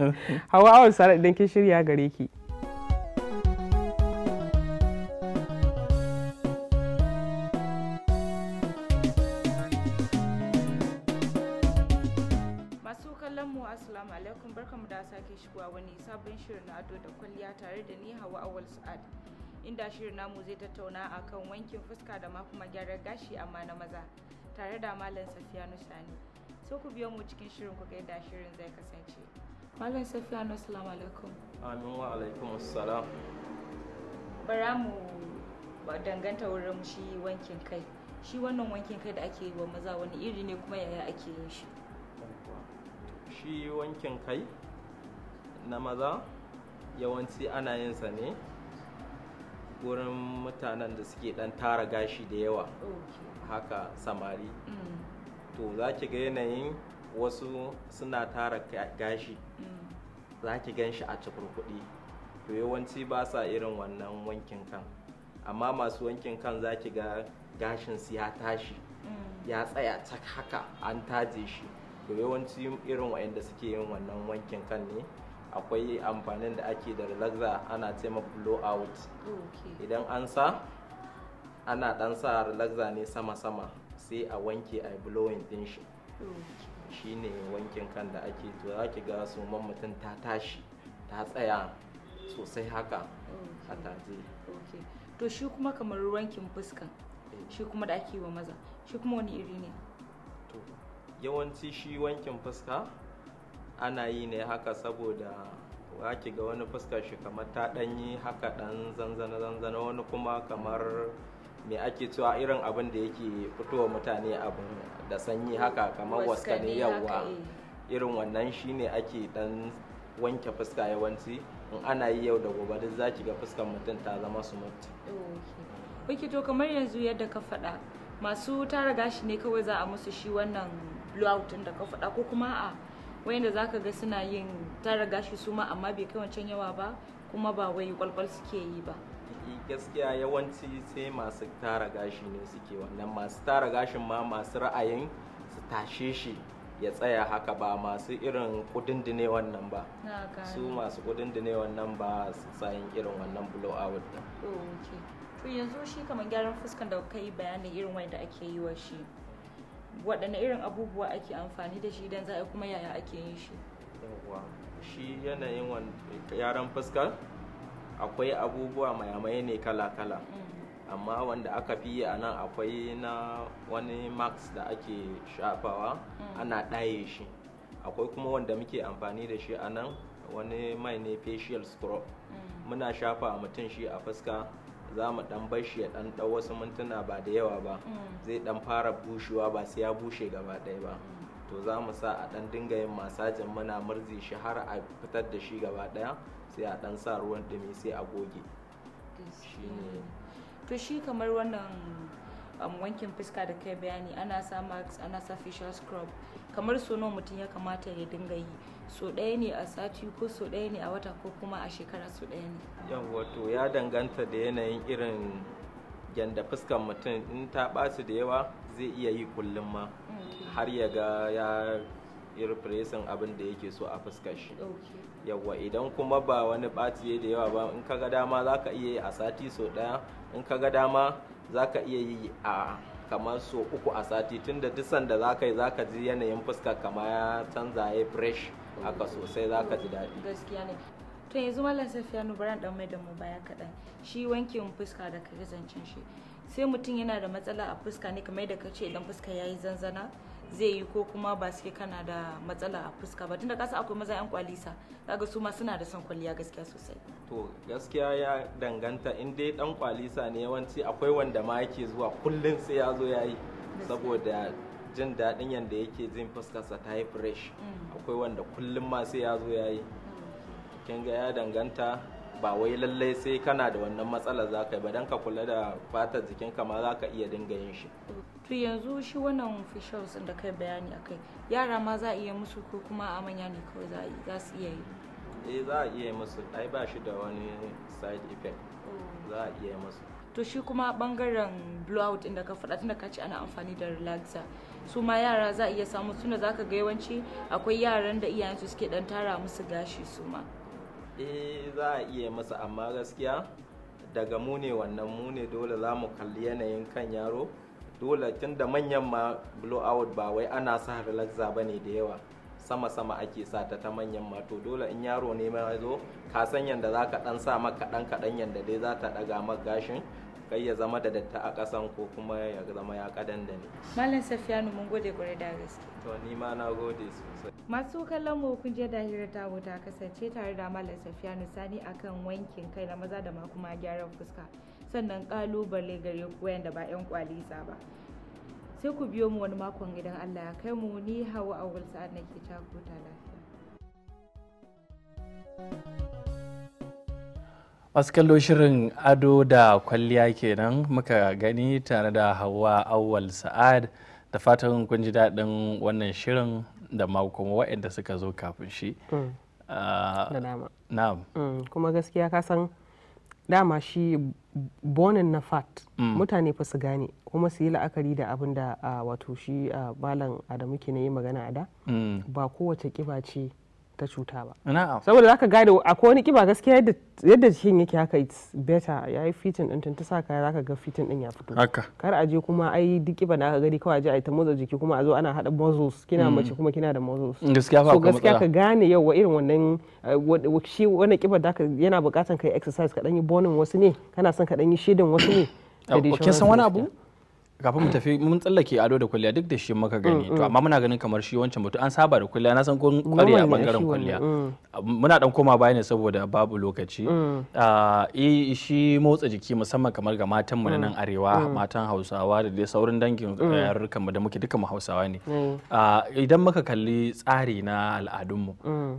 hawa awon sara idan kin shirya gare ki alaikum barkamu da sake shigowa wani sabon shirin na ado da kwalliya tare da ni hawa awal sa'ad inda shirin namu zai tattauna a kan wankin fuska da ma kuma gyaran gashi amma na maza tare da malam safiyanu sani so ku biyo mu cikin shirin ku gaida shirin zai kasance malam safiyanu assalamu alaikum amin wa alaikum assalam bara mu danganta wurin shi wankin kai shi wannan wankin kai da ake yi wa maza wani iri ne kuma yaya ake yin shi shi wankin kai na maza yawanci ana yin sa ne wurin mutanen da suke dan tara gashi da yawa haka samari mm. to za ki ga yanayin wasu suna tara gashi mm. za ki gan shi a cikurkuɗi to yawanci ba sa irin wannan wankin kan amma masu wankin kan za ki ga gashinsu ya tashi mm. ya tsaya cak haka an taje shi to yawanci irin wayanda suke yin wannan wankin kan ne akwai amfanin da ake da relaxer ana ce ma blow out idan an sa ana dan sa relaxer ne sama-sama sai a wanke a blowing din shi shi ne wankin kan da ake to za ki ga su mutum ta tashi ta tsaya sosai haka a taje to shi kuma kamar wankin fuska eh. shi kuma da ake wa maza shi kuma wani iri ne yawanci shi wankin fuska ana yi ne haka saboda ki ga wani fuskar shi kamar ta dan yi haka dan zanzana zanzana wani kuma kamar me ake cewa irin abin da yake fitowa mutane abin da sanyi haka kamar ne yawa eh. irin wannan shi ne ake dan wanke fuska yawanci in ana yi yau da gobe duk zaki ga fuskar mutum ta zama smooth. Okay. to kamar yanzu yadda ka faɗa masu tara gashi ne kawai za a musu shi wannan blowout da ka faɗa ko kuma a za ka ga suna yin tara gashi su ma amma bai kai wancan yawa ba kuma ba wai kwalkwal suke yi ba eh, gaskiya yawanci sai masu tara gashi ne suke wannan masu tara gashin ma masu ra'ayin su tashe shi ya tsaya haka ba masu irin dine wannan ba su masu dine wannan ba su tsayin irin wannan blowout din oh, to yanzu shi kamar gyaran fuskan da kai bayanin irin wanda ake yi wa shi waɗanne irin abubuwa ake amfani da shi don za a kuma yaya ake yin shi shi yanayin yaran fuskar akwai abubuwa mayamai ne kala-kala mm. amma wanda aka fi a nan akwai na wani max da ake shafawa mm. ana ɗaye shi akwai kuma wanda muke amfani da shi a nan wani mai ne facial scrub mm. muna shafa mutum shi a fuska za mu dan bar shi ya dan dau wasu mintuna ba da yawa ba mm. zai dan fara bushewa ba sai ya bushe gaba ɗaya ba to za mu sa a dan dinga yin masajin muna murzi shi har a fitar da shi gaba ɗaya sai a dan sa ruwan dumi sai a goge to shi kamar wannan um, wankin fuska da kai bayani ana sa mask ana sa facial scrub kamar sono mutum ya kamata ya dinga yi su ɗaya ne a sati ko su ɗaya ne a wata ko kuma a shekara su ɗaya ne yan wato ya danganta da yanayin irin yadda fuskan mutum in ta ɓaci da yawa zai iya yi kullum ma mm. har ya ga ya abin da yake so a fuskar shi yawa idan kuma ba wani ɓaci da yawa ba in ka ga dama za ka iya yi a sati so ɗaya in ka ga dama za ka iya yi a kamar so uku a sati tunda duk sanda za ka yi za ka ji yanayin fuskar kama ya canza ya fresh haka sosai za ka ji daɗi gaskiya ne to yanzu mallam safiya nubaran dan mai da mu baya kaɗan shi wankin fuska da ka zancen shi sai mutum yana da matsala a fuska ne kamar da ka ce idan fuska yayi zanzana zai yi ko kuma ba suke kana da matsala a fuska ba tunda kasa akwai maza yan kwalisa kaga su ma suna da son kwalliya gaskiya sosai to gaskiya ya danganta in dai dan kwalisa ne yawanci akwai wanda ma yake zuwa kullun sai ya zo yayi saboda jin daɗin yadda yake jin fuskarsa ta yi fresh mm. akwai wanda kullum ma sai ya zo ya yi mm. kin ga ya danganta ba wai lallai sai kana da wannan matsala za ka yi ba don ka kula da fatar jikinka ma za ka iya dinga yin shi to yanzu shi wannan facials da kai bayani akai yara ma za a iya musu ko kuma a manya ne kawai za su iya yi eh za a iya musu ai ba shi da wani side effect oh. za a iya musu to shi kuma bangaren blowout inda ka faɗa tunda ka ce ana amfani da relaxer su ma yara za a iya samu tunda za ka ga yawanci akwai yaran da iyayensu suke dan tara musu gashi su ma eh za a iya masa amma gaskiya daga mu ne wannan mu ne dole za mu kalli yanayin kan yaro dole tun da manyan ma out ba wai ana sa relaxa ba ne da yawa sama-sama ake sa ta ta manyan ma to dole in yaro ne ma zo ka san yanda za ka dan sa maka kaɗan kaɗan yanda dai za ta ɗaga maka gashin kai ya zama da datta a ƙasan ko kuma ya zama ya kadan da ne. Malam Safiyanu mun gode gure da gaske. To ni ma na gode sosai. Masu kallon mu kun je da hira ta ta kasance tare da Malam Safiyanu Sani akan wankin kai na maza da ma kuma gyaran fuska. Sannan kalubale gare ku wayanda ba 'yan kwalisa ba. Sai ku biyo mu wani makon gidan Allah ya kai mu ni Hawa a sa'ad nake takuta lafiya. wasu kallo shirin ado da kwalliya kenan muka gani tare da hawa auwal sa'ad da fatan kun ji daɗin wannan shirin da kuma waɗanda suka zo kafin shi mm. ah, da mm, kuma gaskiya ka san dama shi bonin na fat mm. mutane fa su gane kuma su yi la'akari da abin da ah, wato shi balan ah, adamu ke na yi magana a da ba kowace kiba ce ta cuta ba saboda za ka gane akwai wani kiba gaskiya yadda jikin yake haka it's better yi fitin din tun ta sa kaya zaka ga fitin din ya fito kar a je kuma ai duk kiba da aka gani kawai je ai ta motsa jiki kuma a zo ana hada muscles kina mm. mace kuma kina da muscles gaskiya ba gaskiya ka gane yau wa irin wannan eh, shi wannan kiba da yana bukatan kai exercise ka dan yi bonin wasu ne kana son ka dan yi shedin wasu ne da dai san wani abu kafin mu tafi mun tsallake ado da kwalliya duk da shi muka mm, gani to mm. amma muna ganin kamar shi wancan mutum an saba da kwalliya na san kun kware a bangaren kwalliya mm. muna dan koma baya ne saboda babu lokaci eh shi motsa jiki musamman kamar ga matan mu nan arewa matan Hausawa da dai sauran dangin yarurkan mu da muke duka mu Hausawa ne ah, idan muka kalli tsari na al'adun mu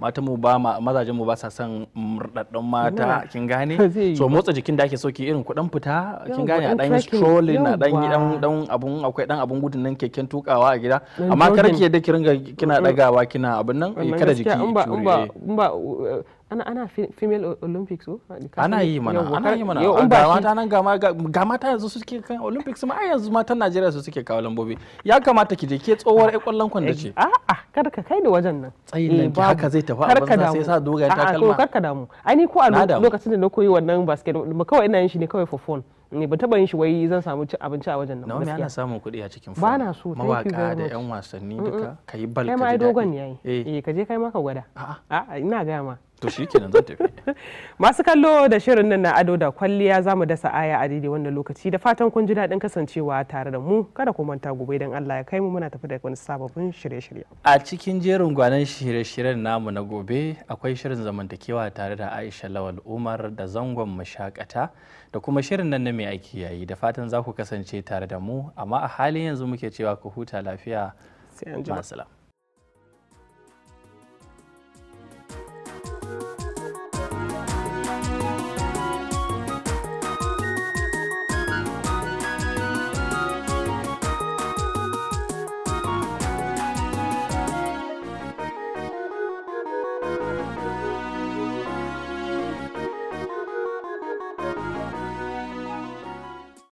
matan mu ba mazajen mu ba sa son murdaddun mata kin gane so motsa jikin da ake so ki irin kudan fita kin gane a dan strolling a dan dan abun akwai dan abun gudun nan keken tukawa a gida amma kar ki yadda ki ringa kina dagawa kina abun nan eh, kada jiki in ba in ba eh, ana ana female olympics o. Oh, ana yi mana ana yi mana ga mata nan ga mata yanzu suke kan olympics ma yanzu matan Najeriya su suke kawo lambobi ya kamata ki je ke tsohuwar ƴan kwallon kwanda ce eh, a'a kar ka kai da wajen nan tsayin nan ki haka zai tafi a banza sai sa dogayen takalma a ko kar ka damu ai ni ko a lokacin da na koyi wannan basketball kawai ina yin shi ne kawai for fun. ne ba taba yin shi wai zan samu abinci a wajen nan gaskiya ana samun kuɗi a cikin ba na so mawaka da yan wasanni duka kai bal kai ma dogon ne yayi eh. eh ka kai ma ka gwada a'a ina ga ma to shi kenan zan tafi masu kallo da shirin nan na ado da kwalliya za mu dasa aya a daidai wannan lokaci da fatan kun ji daɗin kasancewa tare da mu kada ku manta gobe idan Allah ya kai mu muna tafi da wani sababbin shirye-shirye a cikin jerin gwanan shirye-shiryen namu na gobe akwai shirin zamantakewa tare da Aisha Lawal Umar da zangon mashakata da kuma shirin nan na mai aiki yayi da fatan za ku kasance tare da mu amma a halin yanzu muke cewa ku huta lafiya sai an